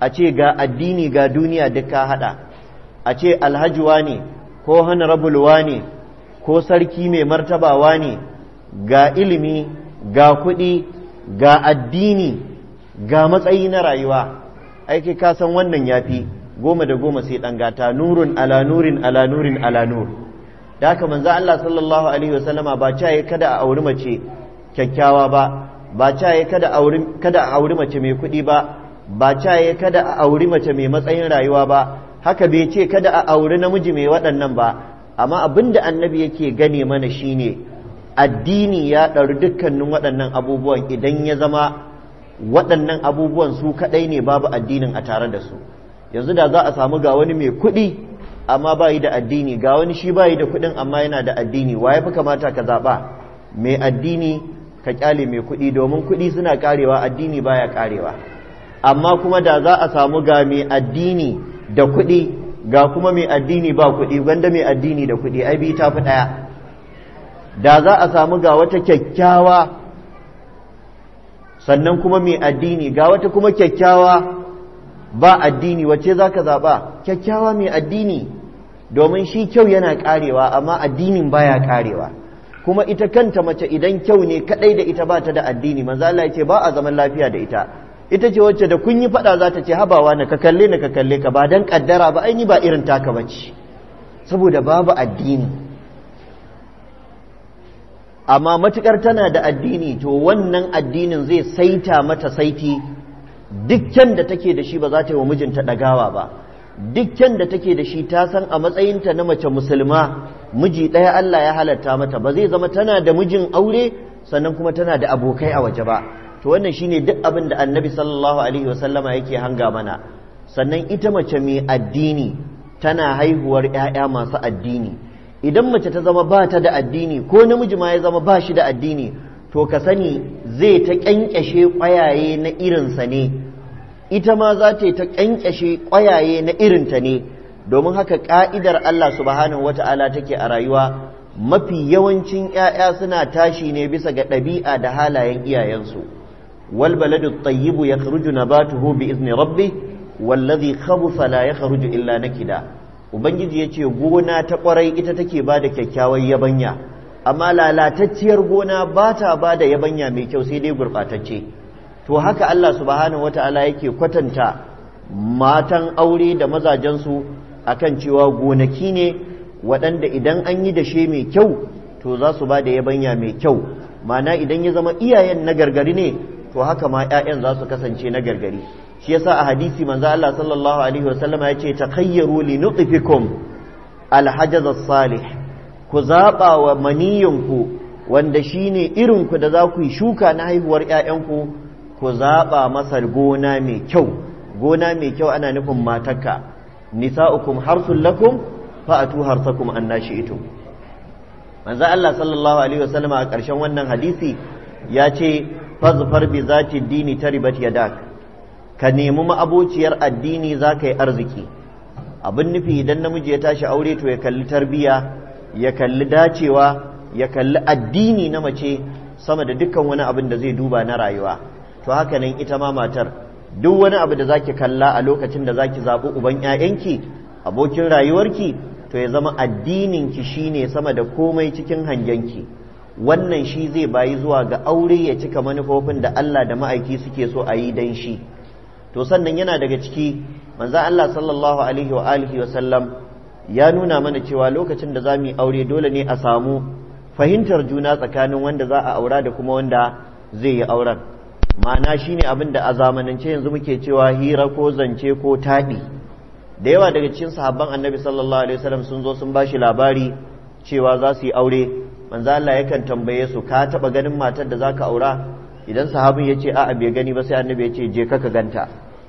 a ce ga addini ga duniya ka haɗa a ce alhajiwa ne ko hana rabulwa ne ko sarki mai martabawa ne ga ilimi ga kuɗi ga addini ga matsayi na rayuwa aiki kasan wannan ya fi goma da goma sai ɗan gata nurun ala nurin ala nurin ala nur da haka manza Allah sallallahu alaihi wasallama ba caye kada a auri mace kyakkyawa ba ba caye kada a auri kada a auri mace mai kuɗi ba ba caye kada a auri mace mai matsayin rayuwa ba haka bai ce kada a auri namiji mai waɗannan ba amma abinda annabi yake gane mana shine addini ya ɗaru dukkanin waɗannan abubuwan idan ya zama waɗannan abubuwan su kaɗai ne babu addinin a tare da su yanzu da za a samu ga wani mai kuɗi amma bayi da addini ga wani shi bayi da kuɗin amma yana da addini wa ya fi kamata ka zaɓa mai addini ka kyale mai kuɗi domin kuɗi suna karewa addini baya karewa amma kuma da za a samu ga mai addini da kuɗi ga kuma mai addini ba kuɗi wanda mai addini da kuɗi ai bi ta fi ɗaya da za a samu ga wata kyakkyawa sannan kuma mai addini ga wata kuma kyakkyawa ba addini wacce za ka zaɓa kyakkyawa mai addini domin shi kyau yana ƙarewa amma addinin ba ya ƙarewa kuma ita kanta mace idan kyau ne kaɗai da ita ba ta da addini maza Allah ya ce ba a zaman lafiya da ita ita ce wacce da kun yi faɗa za ta ce habawa na ka kalle na ka kalle ka ba dan ƙaddara ba ai ba irin taka bace saboda babu addini amma matukar tana da addini to wannan addinin zai saita mata saiti dukkan da take da shi ba za ta yi wa mijinta ɗagawa ba dukkan da take da shi ta san a matsayinta na mace musulma miji ɗaya Allah ya halatta mata ba zai zama tana da mijin aure sannan kuma tana da abokai a waje ba to wannan shine duk abin da annabi sallallahu alaihi wasallama yake hanga mana sannan ita mace mai addini tana haihuwar 'ya'ya masu addini idan mace ta zama ba ta da addini ko namiji ma ya zama ba shi da addini to ka sani zai ta ƙyanƙyashe ƙwayaye na irinsa ne ita ma za ta ta ƙyanƙyashe ƙwayaye na irinta ne domin haka ƙa'idar Allah subhanahu wata'ala take a rayuwa mafi yawancin ‘ya'ya suna tashi ne bisa ga ɗabi'a da halayen iyayensu wal baladu tayyibu ya kharuju nabatuhu bi izini rabbi wallazi khabutha la kharuju illa na kida. ubangiji ya ce gona ta ƙwarai ita take ba da kyakkyawar yabanya amma lalatacciyar gona ba ta ba da yabanya mai kyau sai dai gurɓatacce to haka Allah subhanahu wata'ala yake kwatanta matan aure da mazajensu akan cewa gonaki ne waɗanda idan an yi dashe mai kyau to za su ba da yabanya mai kyau mana idan ya zama iyayen na gargari ne to haka ma 'ya'yan za su kasance na gargari shi yasa a hadisi manzo Allah sallallahu alaihi wasallama yace ce ta nutfikum al as-salih ku zaɓa wa maniyinku wanda shi ne irinku da za ku yi shuka na haihuwar ‘ya'yanku ku zaɓa masa gona mai kyau gona mai kyau ana nufin matakka nisa'ukum harsun lakum fa'atu harsakum an nashi ito manzo Allah sallallahu alaihi wasallam a ƙarshen wannan hadisi ya ce fazfar bi zati dini taribat yadak ka nemi ma'abociyar addini za ka yi arziki abin nufi idan namiji ya tashi aure to ya kalli tarbiyya ya kalli dacewa ya kalli addini na mace sama da dukkan wani abin da zai duba na rayuwa to haka nan ita ma matar duk wani abu da zaki kalla a lokacin da zaki zaɓi uban 'ya'yanki abokin rayuwarki to ya zama addininki shine sama da komai cikin hangenki wannan shi zai bayi zuwa ga aure ya cika manufofin da Allah da ma'aiki suke so a yi dan shi to sannan yana daga ciki manzo Allah sallallahu alaihi wa alihi wa sallam ya nuna mana cewa lokacin da za mu yi aure dole ne a samu fahimtar juna tsakanin wanda za a aura da kuma wanda zai yi auren ma'ana shine abin da a zamanance yanzu muke cewa hira ko zance ko taɗi da yawa daga cikin sahabban annabi sallallahu alaihi wasallam sun zo sun ba shi labari cewa za su yi aure manzo Allah yakan tambaye su ka taba ganin matar da zaka aura idan sahabin ya ce a'a bai gani ba sai annabi yace je jeka ka ganta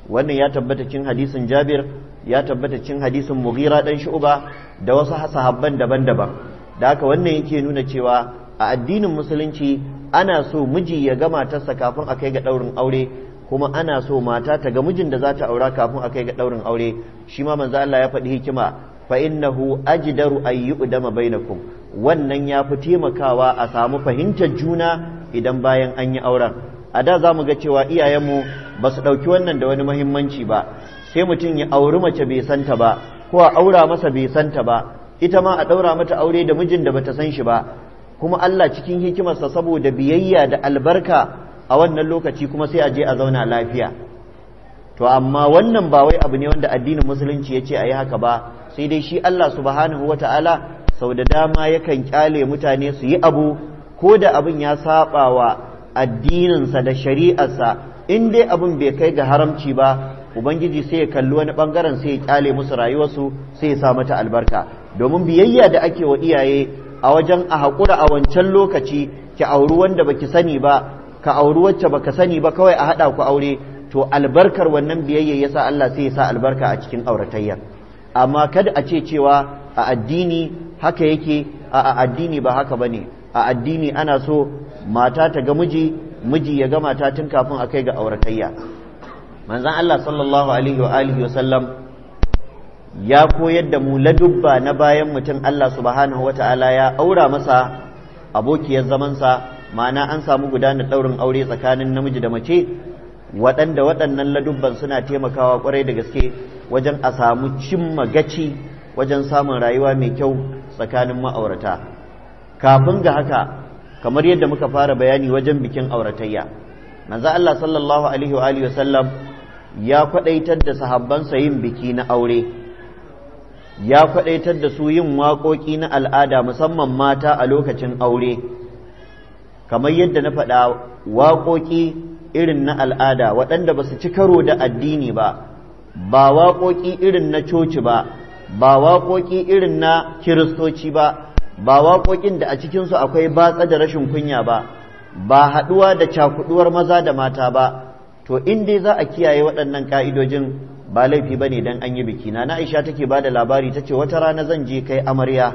wannan ya tabbata cin hadisin Jabir ya tabbata cin hadisin mughira dan shu'ba da wasu sahabban daban-daban da haka wannan yake nuna cewa a addinin musulunci ana so miji ya ga matarsa kafin akai ga daurin aure kuma ana so mata ta ga mijin da za ta aura kafin akai ga daurin aure shi ma manzo Allah ya faɗi hikima fa innahu ajdaru an yu'dama bainakum wannan ya fi taimakawa a samu fahimtar juna idan bayan an yi auren a da za mu ga cewa iyayenmu ba su ɗauki wannan da wani mahimmanci ba sai mutum ya auri mace bai santa ba ko a aura masa bai santa ba ita ma a ɗaura mata aure da mijin da bata san shi ba kuma Allah cikin hikimarsa saboda biyayya da albarka a wannan lokaci kuma sai a je a zauna lafiya to amma wannan ba wai abu ne wanda addinin musulunci ya ce a yi haka ba sai dai shi Allah subhanahu ta'ala sau da dama yakan kyale mutane su yi abu ko da abin ya saba wa addininsa da shari'arsa in dai abin bai kai ga haramci ba ubangiji sai ya kalli wani bangaren sai ya kyale musu rayuwarsu sai ya sa mata albarka domin biyayya da ake wa iyaye a wajen a haƙura a wancan lokaci ki auri wanda baki sani ba ka auri wacce baka sani ba kawai a haɗa ku aure to albarkar wannan biyayya ya sa Allah sai ya sa albarka a cikin auratayyar amma kada a ce cewa a addini haka yake a addini ba haka bane a addini ana so mata ta ga miji miji ya ga mata tun kafin a kai ga auratayya manzan Allah sallallahu alaihi wa alihi wa sallam ya koyar da mu ladubba na bayan mutum Allah subhanahu wa ta'ala ya aura masa abokiyar zamansa ma'ana an samu gudanar ɗaurin aure tsakanin namiji da mace waɗanda waɗannan ladubban suna taimakawa ƙwarai da gaske wajen a samu cimma gaci wajen samun rayuwa mai kyau tsakanin ma'aurata kafin ga haka kamar yadda muka fara bayani wajen bikin auratayya manzo Allah sallallahu alaihi wa sallam ya kwadaitar da sahabbansa yin biki na aure ya kwadaitar da su yin waƙoƙi na al'ada musamman mata a lokacin aure kamar yadda na faɗa waƙoƙi irin na al'ada waɗanda ba su ci karo da addini ba ba waƙoƙi irin na coci ba ba waƙoƙi irin na kiristoci ba ba waƙoƙin da a cikinsu akwai batsa da rashin kunya ba ba haɗuwa da cakuɗuwar maza da mata ba to in dai za a kiyaye waɗannan ƙa'idojin ba laifi ba ne don an yi biki na aisha take ba da labari ta ce wata rana zan je kai amarya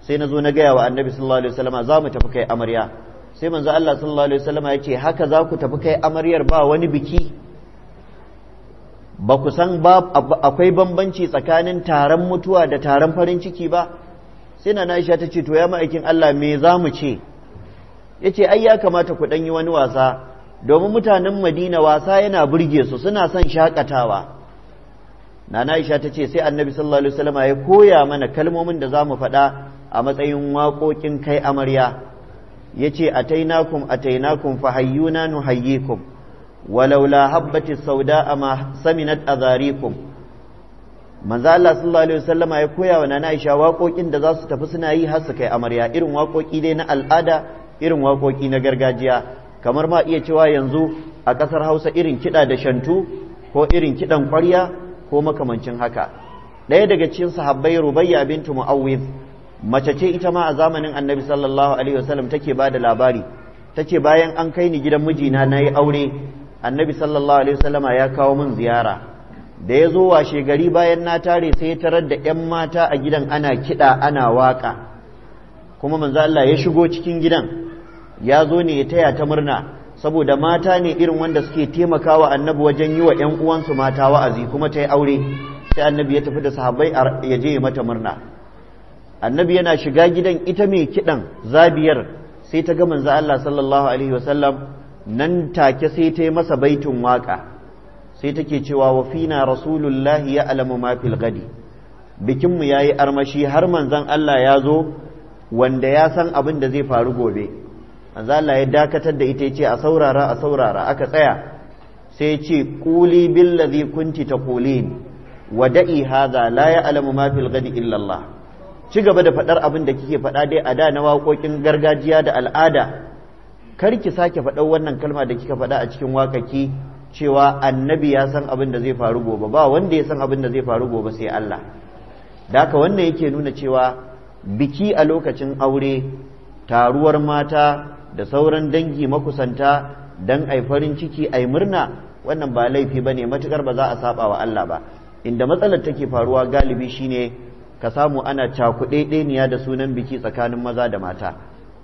sai na zo na gaya wa annabi sallallahu za mu tafi kai amarya sai manzo Allah ya ce haka za ku tafi kai amaryar ba wani biki ba ku san ba akwai bambanci tsakanin taron mutuwa da taron farin ciki ba sai na aisha ta ce to ya ma'aikin Allah me za mu ce yace ai ya kamata ku ɗan yi wani wasa domin mutanen madina wasa yana burge su suna son shakatawa nana aisha ta ce sai annabi sallallahu alaihi wasallama ya koya mana kalmomin da za mu faɗa a matsayin waƙoƙin kai amarya ya ce a atainakum atainakum fahayyuna nuhayyikum walaula habbati sauda ma saminat azarikum manzo Allah sallallahu alaihi wasallama ya koya wa nana isha waƙoƙin da za su tafi suna yi har su kai amarya irin waƙoƙi dai na al'ada irin waƙoƙi na gargajiya kamar ma iya cewa yanzu a ƙasar hausa irin kiɗa da shantu ko irin kiɗan ƙwarya ko makamancin haka ɗaya daga cikin sahabbai rubayya bintu mu'awwiz mace ce ita ma a zamanin annabi sallallahu alaihi wasallam take ba da labari tace bayan an kai ni gidan mijina na yi aure annabi sallallahu alaihi wasallam ya kawo min ziyara da ya zo washe gari bayan na tare sai ya tarar da ƴan mata a gidan ana kiɗa ana waƙa kuma manzo Allah ya shigo cikin gidan ya zo ne ya taya ta murna saboda mata ne irin wanda suke taimakawa annabi wajen yi wa ‘yan uwansu mata wa'azi kuma ta yi aure sai annabi ya tafi da sahabbai ya je mata murna annabi yana shiga gidan ita mai kiɗan zabiyar sai ta ga manzo Allah sallallahu alaihi wasallam nan take sai ta yi masa baitin waka sai take cewa wa fina rasulullahi ya alamu ma fil gadi bikin mu yayi armashi har manzon Allah ya zo wanda ya san abin da zai faru gobe manzo Allah ya dakatar da ita yace a saurara a saurara aka tsaya sai ce quli ladhi kunti taqulin da'i hadha la ya'lamu ma fil ghadi illa Allah ci gaba da fadar abin da kike fada dai a da na waƙoƙin gargajiya da al'ada kar ki sake faɗar wannan kalma da kika faɗa a cikin wakaki cewa annabi ya san abin da zai faru gobe ba wanda ya san abin da zai faru gobe sai Allah da haka wannan yake nuna cewa biki a lokacin aure taruwar mata da sauran dangi makusanta dan ai farin ciki ai murna wannan ba laifi bane matukar ba za a saba wa Allah ba inda matsalar take faruwa galibi shine ka samu ana cakuɗeɗeniya da sunan biki tsakanin maza da mata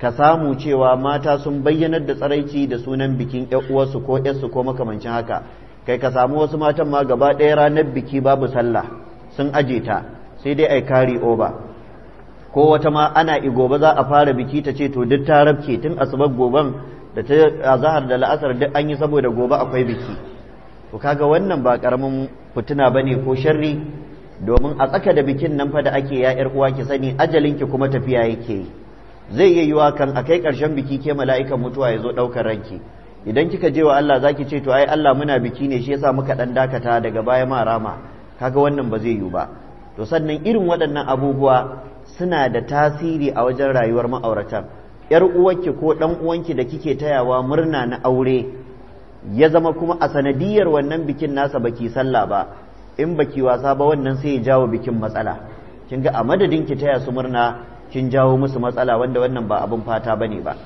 ka samu cewa mata sun bayyanar da tsaraici da sunan bikin ƴan uwarsu ko ƴarsu ko makamancin haka kai ka samu wasu matan ma gaba ɗaya ranar biki babu sallah sun aje ta sai dai ai kari oba ko wata ma ana i gobe za a fara biki ta ce to duk ta rabke tun asubar goben da ta azahar da la'asar duk an yi saboda gobe akwai biki to kaga wannan ba karamin fituna bane ko sharri domin a tsaka da bikin nan fa da ake ya yar uwa ki sani ajalin ki kuma tafiya yake zai iya yiwa kan akai karshen biki ke mala'ikan mutuwa ya zo daukar ranki idan kika je wa Allah zaki ce to ai Allah muna biki ne shi yasa muka dan dakata daga baya ma rama kaga wannan ba zai yiwu ba to sannan irin waɗannan abubuwa suna da tasiri a wajen rayuwar ma'auratan yar uwanki ko ɗan uwanki da kike tayawa murna na aure ya zama kuma a sanadiyar wannan bikin nasa baki sallah ba in baki wasa ba wannan sai ya jawo bikin matsala kin ga a madadin ki taya su murna kin jawo musu matsala wanda wannan ba abin fata bane ba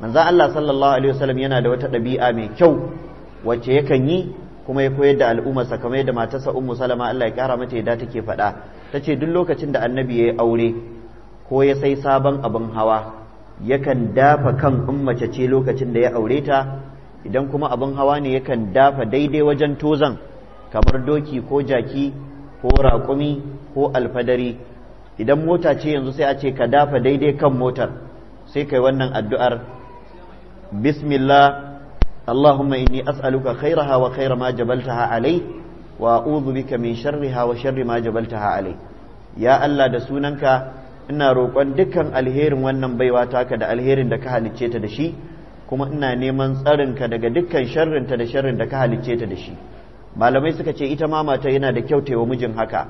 manzo Allah sallallahu alaihi wasallam yana da wata ɗabi'a mai kyau wacce yakan yi kuma ya koyar da al'ummarsa kamar yadda matarsa ummu salama Allah ya kara mata yadda take faɗa tace duk lokacin da annabi ya yi aure ko ya sai sabon abin hawa yakan dafa kan in mace ce lokacin da ya aure ta idan kuma abin hawa ne yakan dafa daidai wajen tozan kamar doki ko jaki ko raƙumi ko alfadari idan mota ce yanzu sai a ce ka dafa daidai kan motar sai kai wannan addu'ar bismillah اللهم إني أسألك خيرها وخير ما جبلتها عليه وأعوذ بك من شرها وشر ما جبلتها عليه يا الله دسونك ina روك dukkan alherin wannan baiwa taka da alherin da ka halicce ta da shi kuma ina neman tsarinka daga dukkan sharrinta da ka ta malamai suka ce ita ma yana da kyau wa mijin haka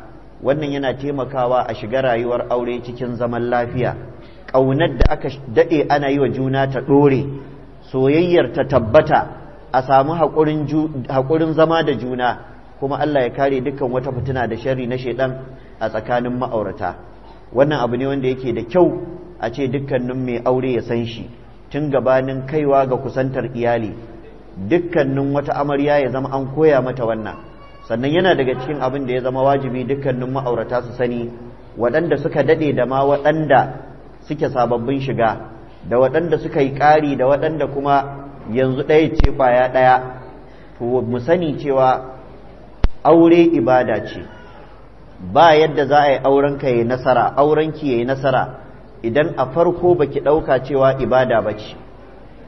wannan yana taimakawa a shiga rayuwar aure cikin zaman lafiya ƙaunar da aka daɗe ana yi wa juna ta ɗore soyayyar ta tabbata a samu haƙurin zama da juna kuma Allah ya kare dukkan wata fituna da shari na shaidan a tsakanin ma'aurata wannan abu ne wanda yake da kyau a ce dukkanin mai aure ya san shi tun gabanin kaiwa ga kusantar iyali dukkanin wata amarya ya zama an koya mata wannan sannan yana daga cikin abin da ya zama wajibi dukkanin ma'aurata su sani waɗanda suka daɗe da ma waɗanda suke sababbin shiga da waɗanda suka yi ƙari da waɗanda kuma yanzu ɗaya ce ƙwaya ɗaya to mu sani cewa aure ibada ce ba yadda za a yi aurenka ya yi nasara aurenki ya yi nasara idan a farko baki ɗauka cewa ibada ba ce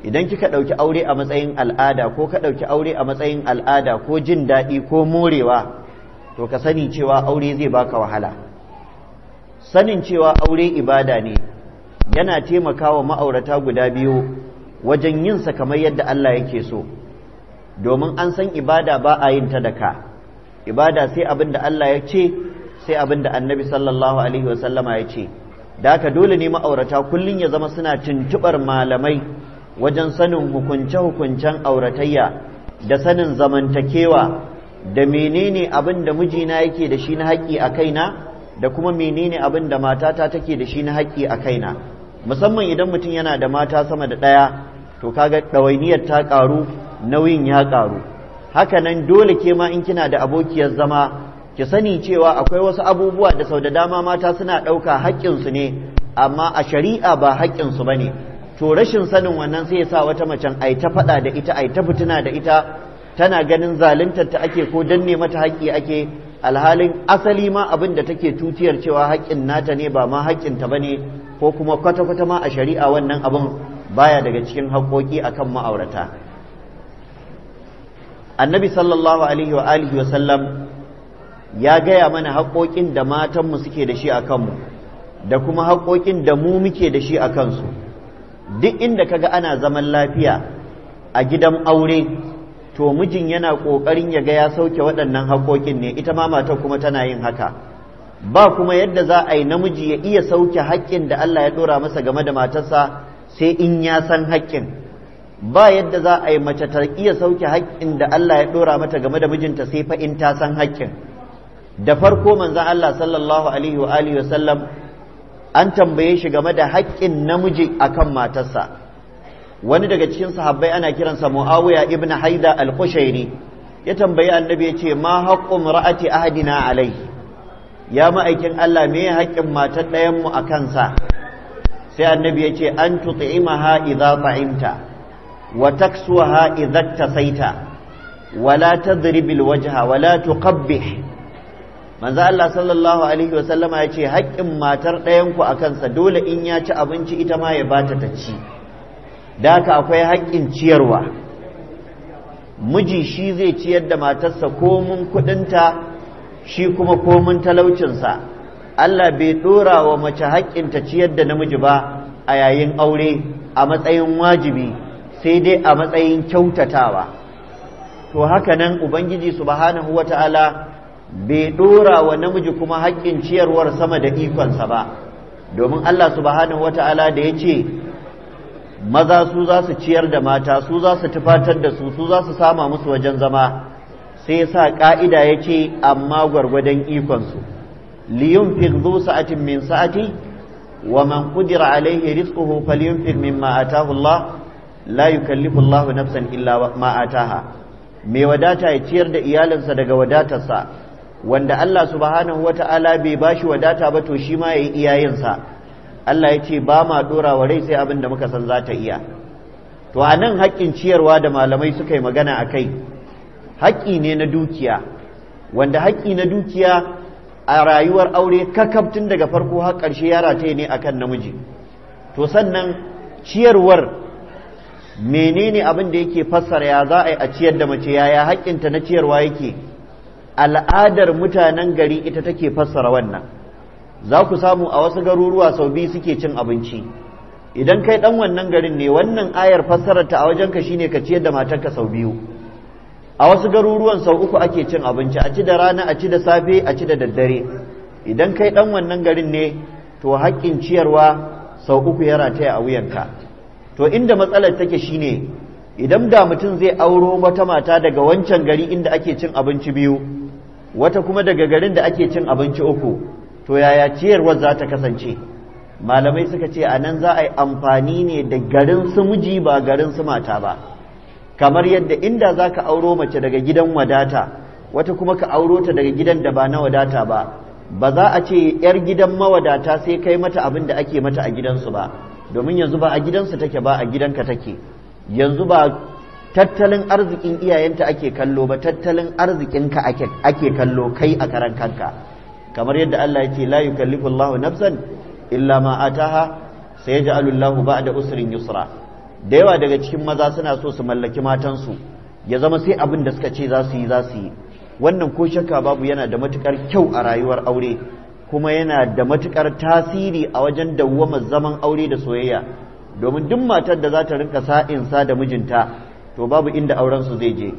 idan kika ɗauki aure a matsayin al'ada ko ka ɗauki aure a matsayin al'ada ko jin daɗi ko morewa to ka sani cewa aure zai baka wahala sanin cewa aure ibada ne yana taimakawa ma'aurata guda biyu wajen yin sa kamar yadda Allah yake so domin an san ibada ba a yin ta da ka ibada sai abin da Allah ya ce sai abin da annabi sallallahu alaihi wasallama ya ce da haka dole ne ma'aurata kullum ya zama suna tuntuɓar malamai wajen sanin hukunce-hukuncen auratayya da sanin zamantakewa da menene abin da mijina yake da shi na haƙƙi a kaina da kuma menene abin da matata take da shi na haƙƙi a kaina musamman idan mutum yana da mata sama da ɗaya to kaga ɗawainiyar ta ƙaru nauyin ya ƙaru haka nan dole ke ma in kina da abokiyar zama ki sani cewa akwai wasu abubuwa da sau da dama mata suna ɗauka haƙƙinsu ne amma a shari'a ba haƙƙinsu ba ne to rashin sanin wannan sai ya sa wata macen ai ta faɗa da ita ai ta fituna da ita tana ganin zaluntar ta ake ko danne mata haƙƙi ake alhalin asali ma abin da take tutiyar cewa haƙƙin nata ne ba ma haƙƙinta ba ne ko kuma kwata-kwata ma a shari'a wannan abin baya daga cikin haƙoƙi akan ma'aurata annabi sallallahu alaihi wa alihi wa sallam ya gaya mana haƙoƙin da matanmu suke da shi a kanmu da kuma haƙoƙin da mu muke da shi a kansu duk inda kaga ana zaman lafiya a gidan aure to mijin yana ƙoƙarin ya ga ya sauke waɗannan haƙoƙin ne ita ma matar kuma tana yin haka ba kuma yadda za a yi namiji ya iya sauke haƙƙin da Allah ya ɗora masa game da matarsa sai in ya san haƙƙin ba yadda za a yi mace ta iya sauke haƙƙin da Allah ya ɗora mata game da mijinta sai fa in ta san haƙƙin da farko manzon Allah sallallahu alaihi wa alihi wasallam an tambaye shi game da haƙƙin namiji akan matarsa wani daga cikin sahabbai ana kiransa Muawiya ibn Haida al-Qushairi ya tambayi annabi ya ce ma haqqu ra'ati ahadina alaihi ya ma'aikin Allah me haƙƙin matar ɗayanmu a kansa sai annabi ya ce an tut'imaha idza ta'imta wa taksuha idza ta wa la tadribil wajha wa la tuqabbih manzo Allah sallallahu alaihi wa ya ce haƙƙin matar ɗayanku a kansa dole in ya ci abinci ita ma ya bata ta ci da haka akwai haƙƙin ciyarwa miji shi zai ciyar da matarsa komun kuɗinta shi kuma komin talaucinsa Allah bai ɗora wa mace haƙƙinta ciyar da namiji ba a yayin aure a matsayin wajibi sai dai a matsayin kyautatawa to haka nan ubangiji subhanahu wata'ala bai ɗora wa namiji kuma haƙƙin ciyarwar sama da ikonsa ba domin Allah subhanahu wata'ala da ya ce maza su za su ciyar da mata su za su tufatar da su su za su sama musu wajen zama sai sa ƙa'ida ya ce amma gwargwadon ikonsu liyun fi zo sa'atin min sa'ati wa man kudira alaihi hufa liyun fi min ma’ata hula la yukallifu Allah nafsan illa ha mai wadata ya ciyar da iyalinsa daga wadatarsa wanda Allah subhanahu ala bai bashi wadata ba to shi ma ya yi iyayensa Allah ya ce ba ma ɗora wa rai sai abin da muka san za ta iya to a nan haƙƙin ciyarwa da malamai suka yi magana a kai haƙƙi ne na dukiya wanda haƙƙi na dukiya a rayuwar aure kakabtun daga farko har ƙarshe ya yi ne a kan namiji to sannan ciyarwar menene abin da yake fassara ya za a yi a ciyar da mace yaya haƙƙinta na ciyarwa yake al'adar mutanen gari ita take fassara wannan za ku samu a wasu garuruwa sau biyu suke cin abinci idan kai ɗan wannan garin ne wannan ayar fassararta a wajenka shine ka ciyar da matanka sau biyu a wasu garuruwan sau uku ake cin abinci a ci da rana a ci da safe a ci da daddare idan kai dan wannan garin ne to haƙƙin ciyarwa sau uku ya rataya a wuyanka to inda matsalar take shine idan da mutum zai auro wata mata daga wancan gari inda ake cin abinci biyu wata kuma daga garin da ake cin abinci uku to yaya ciyarwar za ta kasance malamai suka ce a nan za a yi amfani ne da garin su miji ba garin su mata ba kamar yadda inda za ka auro mace daga gidan wadata wata kuma ka auro ta daga gidan da ba na wadata ba ba za a ce 'yar gidan mawadata sai kai mata abin da ake mata a gidansu ba domin yanzu ba a gidansu take ba a gidanka take yanzu ba tattalin arzikin iyayenta ake kallo ba tattalin arzikinka ake kallo kai a karan kanka kamar yadda Allah ya ce la yukallifullahu nafsan illa ma ataha Alullahu Allahu ba'da usrin yusra da yawa daga cikin maza suna so su mallaki matansu ya zama sai abin da suka ce za su yi za su yi wannan ko shakka babu yana da matukar kyau a rayuwar aure kuma yana da matukar tasiri a wajen dawwama zaman aure da soyayya domin duk matar da za ta rinka sa da mijinta to babu inda auren su zai je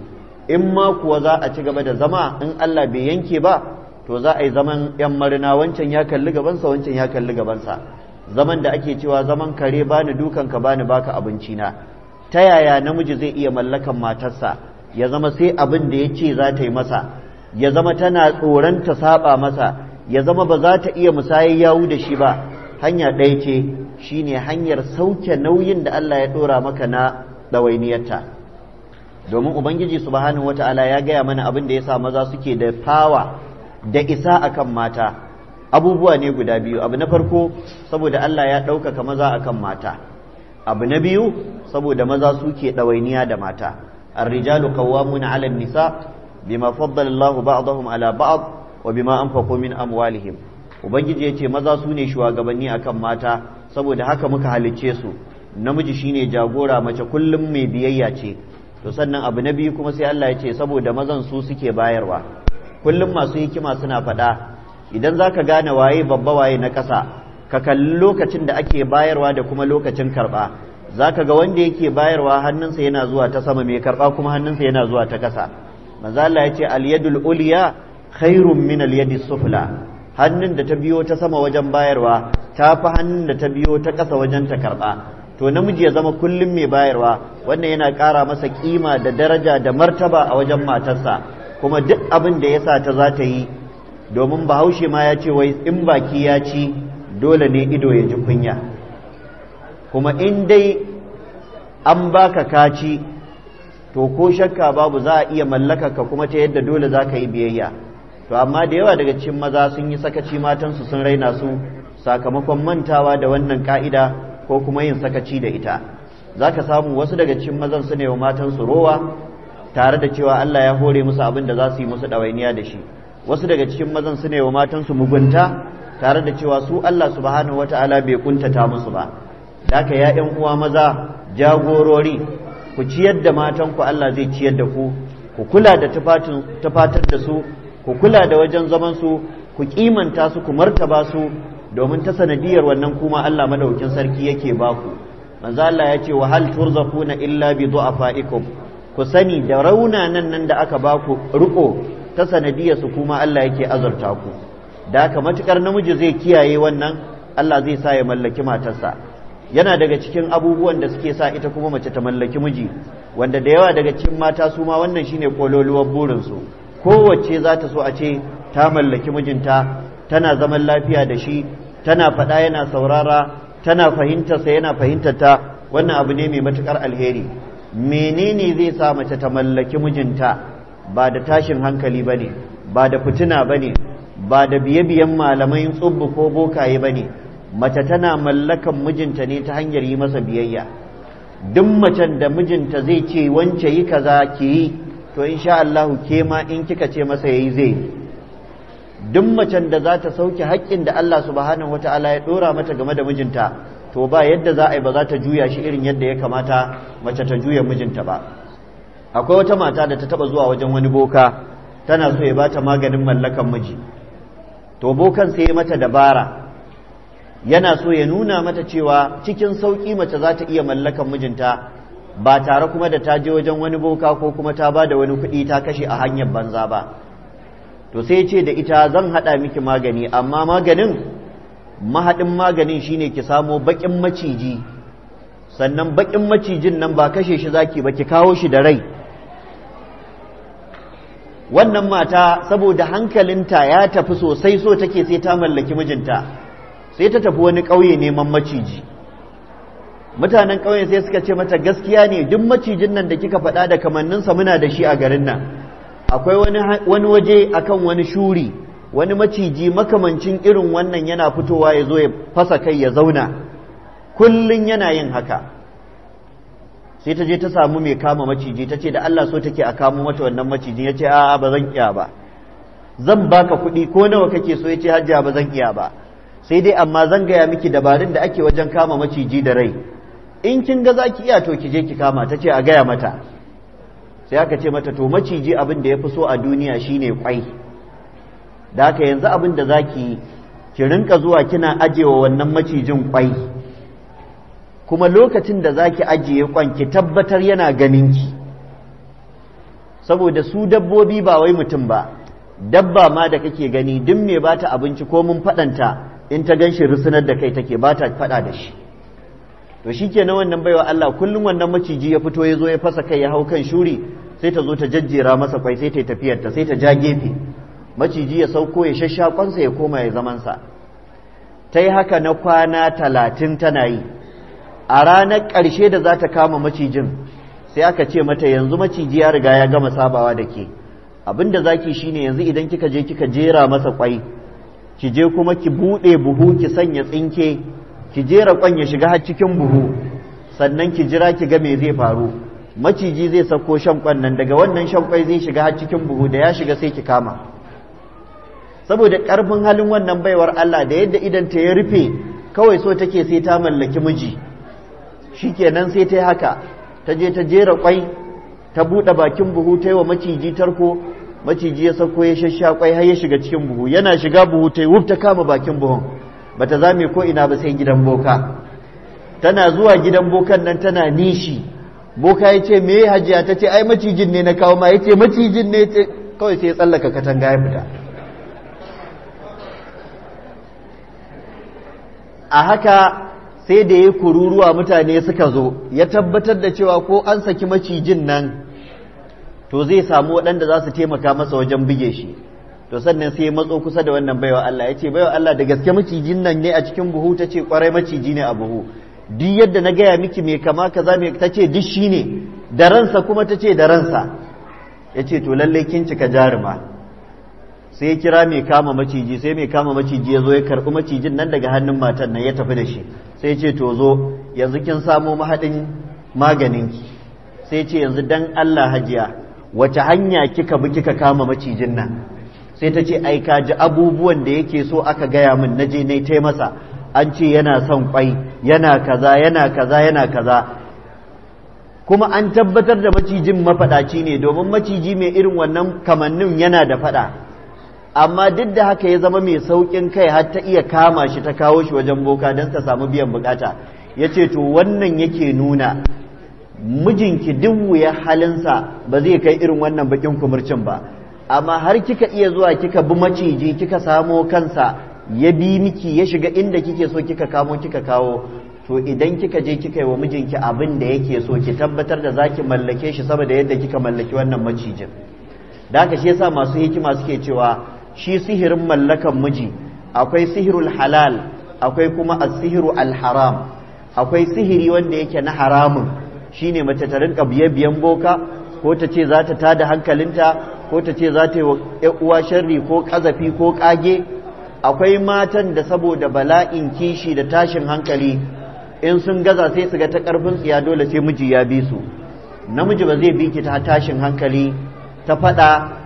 in ma kuwa za a ci gaba da zama in Allah bai yanke ba to za a yi zaman yan marina wancan ya kalli gabansa wancan ya kalli gabansa zaman da ake cewa zaman kare bani dukan ka bani baka abinci na ta yaya namiji zai iya mallakan matarsa ya zama sai abin da ya ce za ta yi masa ya zama tana tsoron ta saba masa ya zama ba za ta iya musayar yawu da shi ba hanya ɗaya ce shine hanyar sauke nauyin da Allah ya ɗora maka na ɗawainiyarta domin ubangiji subhanahu wata'ala ya gaya mana abin da ya sa maza suke da fawa da isa akan mata abubuwa ne guda biyu abu na farko saboda Allah ya ɗaukaka maza akan mata abu na biyu saboda maza suke ɗawainiya da mata الرجال قوامون على النساء بما فضل الله بعضهم على بعض وبما komin min amwalihim ubangiji ya ce maza su ne shugabanni akan mata saboda haka muka halicce su namiji shine jagora mace kullum mai biyayya ce to sannan abu na biyu kuma sai Allah ya ce saboda mazan su suke bayarwa kullum masu hikima suna faɗa idan za ka gane waye babba waye na ƙasa ka kalli lokacin da ake bayarwa da kuma lokacin karɓa za ka ga wanda yake bayarwa hannunsa yana zuwa ta sama mai karɓa kuma hannunsa yana zuwa ta ƙasa maza ya ce al uliya khairun min al sufla hannun da ta biyo ta sama wajen bayarwa ta fi hannun da ta biyo ta ƙasa wajen ta karɓa to namiji ya zama kullum mai bayarwa wannan yana ƙara masa kima da daraja da martaba a wajen matarsa kuma duk abin da ya sa ta za ta yi domin bahaushe ma ya ce wai in baki ya ci dole ne ido ya ji kunya kuma in dai an baka kaci to ko shakka babu za a iya mallaka ka kuma ta yadda dole za ka yi biyayya to amma da yawa daga cikin maza sun yi sakaci matansu sun raina su sakamakon mantawa da wannan ka'ida ko kuma yin sakaci da ita za ka samu wasu daga cikin mazan su ne wa matansu rowa tare da cewa Allah ya hore musu abin da za su yi musu ɗawainiya da shi wasu daga cikin mazan su ne wa matansu mugunta tare da cewa su Allah subhanahu wata'ala bai kuntata musu ba daka ya 'yan uwa maza jagorori ku ciyar da matanku Allah zai ciyar da ku ku kula da tufatar da su ku kula da wajen zaman su ku kimanta su ku martaba su domin ta sanadiyar wannan kuma Allah madaukin sarki yake ba ku manzo ya ce wa hal turzaquna illa bi du'afaikum ku sani da raunanan nan da aka ba ku riko ta sanadiyar su kuma Allah yake azurta ku da haka matukar namiji zai kiyaye wannan Allah zai sa ya mallaki matarsa yana daga cikin abubuwan da suke sa ita kuma mace ta mallaki miji wanda da yawa daga cikin mata su ma wannan shine kololuwar burin su kowace za ta so a ce ta mallaki mijinta tana zaman lafiya da shi tana faɗa yana saurara tana fahimtarsa yana fahimtar ta wannan abu ne mai matukar alheri menene zai sa mace ta mallaki mijinta ba da tashin hankali ba ne ba da fitina ba ne ba da biye-biyen malamai tsubbu ko bokaye ba ne mace tana mallakan mijinta ne ta hanyar yi masa biyayya duk macen da mijinta zai ce wance yi kaza ke yi to insha Allah ke ma in kika ce masa yayi zai duk macen da za ta sauke haƙƙin da Allah subhanahu wata'ala ya ɗora mata game da mijinta to ba yadda za a yi ba za ta juya shi irin yadda ya kamata mace ta juya mijinta ba akwai wata mata da ta taba zuwa wajen wani boka tana so ya ba ta maganin mallakan miji to bokan sai mata dabara yana so ya nuna mata cewa cikin sauƙi mace za ta iya mallakan mijinta ba tare kuma da ta je wajen wani boka ko kuma ta ba da wani kuɗi ta kashe a hanyar banza ba to sai ce da ita zan haɗa miki magani amma maganin mahaɗin maganin shine ki samo baƙin maciji sannan baƙin macijin nan ba kashe shi zaki ba ki kawo shi da rai wannan mata saboda hankalinta ya tafi sosai so take sai ta mallaki mijinta sai ta tafi wani ƙauye neman maciji mutanen ƙauye sai suka ce mata gaskiya ne duk macijin nan da kika faɗa da kamanninsa muna da shi a garin nan akwai wani waje akan wani shuri wani maciji makamancin irin wannan yana fitowa ya zo ya fasa kai ya zauna kullum yana yin haka sai ta je ta samu mai kama maciji ta ce da Allah so take a kamo mata wannan maciji ya ce a'a ba zan iya ba zan baka kuɗi ko nawa kake so ya ce hajjia ba zan iya ba sai dai amma zan gaya miki dabarun da ake wajen kama maciji da rai in kin ga zaki iya to ki je ki kama ta ce a gaya mata sai aka ce mata to maciji abin da ya fi so a duniya shine kwai da haka yanzu abin da zaki ki ki rinka zuwa kina ajewa wannan macijin kwai kuma lokacin da zaki ajiye kwan ki tabbatar yana ganin ki saboda su dabbobi ba wai mutum ba dabba ma da kake gani duk me bata abinci ko mun fadanta in ta ganshi rusunar da kai take bata fada da shi to shikenan wannan baiwa Allah kullum wannan maciji ya fito ya zo ya fasa kai ya hau kan shuri sai ta zo ta jajjera masa kwai sai ta tafiyar ta sai ta ja gefe maciji ya sauko ya kwansa ya koma ya zamansa ta yi haka na kwana talatin tana yi a ranar ƙarshe da za ta kama macijin sai aka ce mata yanzu maciji ya riga ya gama sabawa da ke abin da shi ne yanzu idan kika je kika jera masa ƙwai, ki je kuma ki buɗe buhu ki sanya tsinke ki jera ƙwan ya shiga har cikin buhu sannan ki jira ki ga me zai faru maciji zai sako shan kwan nan daga wannan shan ƙwai zai shiga har cikin buhu da ya shiga sai ki kama saboda ƙarfin halin wannan baiwar Allah da yadda idan ta ya rufe kawai so take sai ta mallaki miji shi shikenan sai ta yi haka ta je ta jera kwai ta buɗe bakin buhu ta yi wa maciji tarko maciji ya sauko ya shasha kwai har ya shiga cikin buhu yana shiga buhu ta yi wuf ta kama bakin buhun bata zame ko ina ba sai gidan boka tana zuwa gidan bokan nan tana nishi boka ya ce meye hajiya ta ce ai macijin ne na kawo ma ya ce macijin ne kawai sai ya tsallaka katanga ya fita a haka sai da ya kururuwa mutane suka zo ya tabbatar da cewa ko an saki macijin nan to zai samu waɗanda za su taimaka masa wajen buge shi to sannan sai ya matso kusa da wannan baiwa Allah ya ce baiwa Allah da gaske macijin nan ne a cikin buhu ta ce ƙwarai maciji ne a buhu duk yadda na gaya miki mai kama kaza mai ta ce duk shi ne da ransa kuma ta ce da ransa ya ce to lallai kin cika jaruma sai ya kira mai kama maciji sai mai kama maciji ya zo ya karɓi macijin nan daga hannun matan nan ya tafi da shi sai ya ce to zo yanzu kin samo mahaɗin maganinki sai ce yanzu dan Allah hajiya wace hanya kika bi kika kama macijin nan sai ta ce ai ka ji abubuwan da yake so aka gaya min na je nai tai masa an ce yana son kwai yana kaza yana kaza yana kaza kuma an tabbatar da macijin mafaɗaci ne domin maciji mai irin wannan kamannin yana da faɗa amma duk da haka ya zama mai saukin kai har ta iya kama shi ta kawo shi wajen boka don ta samu biyan bukata ya ce to wannan yake nuna mijinki duk wuya halinsa ba zai kai irin wannan bakin kumurcin ba amma har kika iya zuwa kika bi maciji kika samo kansa ya bi miki ya shiga inda kike so kika kamo kika kawo to idan kika je kika yi wa mijinki abin da yake so ki tabbatar da zaki mallake shi saboda yadda kika mallaki wannan macijin da haka shi yasa masu hikima suke cewa shi sihirin mallakan miji akwai sihirul halal akwai kuma asihiru alharam akwai sihiri wanda yake na haramun shine mace ta rinka biyan boka ko ta ce za ta tada hankalinta ko ta ce za ta yi uwa sharri ko ƙazafi ko ƙage. akwai matan da saboda bala'in kishi da tashin hankali in sun gaza sai su ga ta karfin tsiya dole sai miji ya bi su namiji ba zai bi ki ta tashin hankali ta fada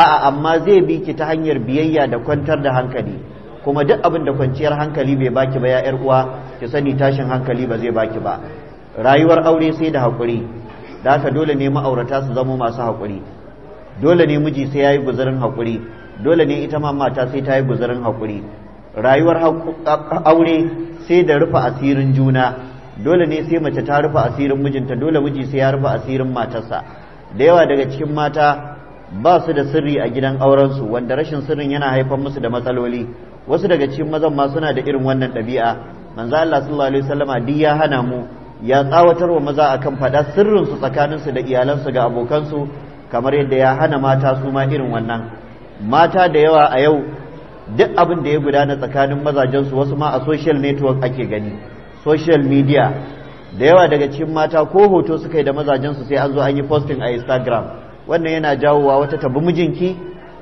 a'a amma zai bi ki ta hanyar biyayya da kwantar da hankali kuma duk abin da kwanciyar hankali bai baki ba ya yar uwa ki sani tashin hankali ba zai baki ba rayuwar aure sai da haƙuri da haka dole ne ma'aurata su zama masu haƙuri dole ne miji sai yayi guzarin haƙuri dole ne ita ma mata sai ta yi guzarin haƙuri rayuwar aure sai da rufe asirin juna dole ne sai mace ta rufe asirin mijinta dole miji sai ya rufe asirin matarsa da yawa daga cikin mata ba su da sirri a gidan aurensu wanda rashin sirrin yana haifar musu da matsaloli wasu daga cikin mazan ma suna da irin wannan ɗabi'a manzo Allah sallallahu alaihi wasallama duk ya hana mu ya tsawatar wa maza akan faɗa sirrin su tsakanin su da iyalansu ga abokansu kamar yadda ya hana mata su ma irin wannan mata da yawa a yau duk abin da ya gudana tsakanin mazajen su wasu ma a social network ake gani social media da yawa daga cikin mata ko hoto suka yi da mazajen su sai an zo an yi posting a Instagram wannan yana jawowa wata tabi mijinki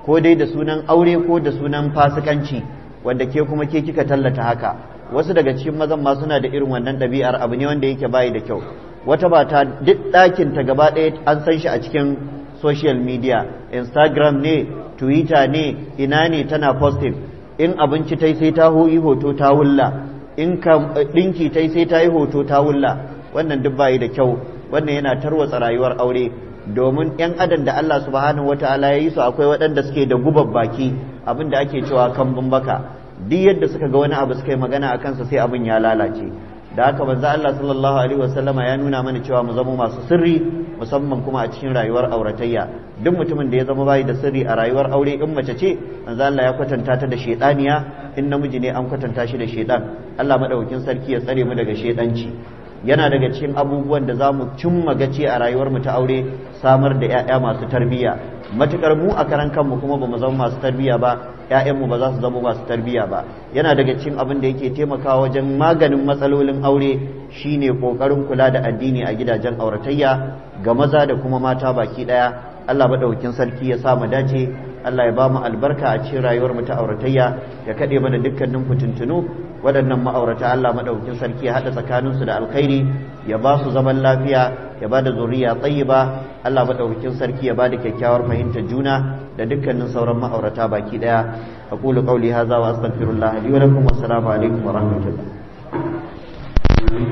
ko dai da sunan aure ko da sunan fasikanci wanda ke kuma ke kika tallata haka wasu daga cikin mazan ma suna da irin wannan ɗabi'ar abu ne wanda yake bayi da kyau wata ba ta duk ɗakin ta gaba ɗaya an san shi a cikin social media instagram ne twitter ne ina ne tana posting in abinci ta sai ta hoyi hoto ta wulla in eh, ɗinki ta sai ta yi hoto ta wulla wannan duk bayi da kyau wannan yana tarwatsa rayuwar aure domin 'yan adam da Allah subhanahu wataala ya yi su akwai waɗanda suke da gubar baki abinda ake cewa kambun baka duk yadda suka ga wani abu suka yi magana a kansa sai abin ya lalace da haka manzo Allah sallallahu alaihi sallama ya nuna mana cewa mu zama masu sirri musamman kuma a cikin rayuwar auratayya duk mutumin da ya zama bai da sirri a rayuwar aure in mace ce manzo Allah ya kwatanta ta da shedaniya in namiji ne an kwatanta shi da shedan Allah madaukakin sarki ya tsare mu daga shedanci yana daga cikin abubuwan da za mu cimma gaci a rayuwarmu ta aure samar da 'ya'ya masu tarbiyya matukar mu a karan kanmu kuma ba mu zama masu tarbiyya ba 'ya'yanmu ba za su zama masu tarbiyya ba yana daga cikin abin da yake taimakawa wajen maganin matsalolin aure shine kokarin kula da addini a gidajen auratayya ga maza da kuma mata baki daya Allah madaukakin sarki ya sa mu dace Allah ya ba mu albarka a cikin rayuwar mu ta auratayya ya kade mana dukkanin fitintunu waɗannan ma'aurata Allah madaukakin sarki ya hada tsakanin su da alkhairi ya ba su zaman lafiya ya ba da zuriya tayyiba Allah madaukakin sarki ya ba da kyakkyawar fahimtar juna da dukkanin sauran ma'aurata baki daya aqulu qawli hadha wa astaghfirullah li wa lakum wa assalamu alaikum wa rahmatullah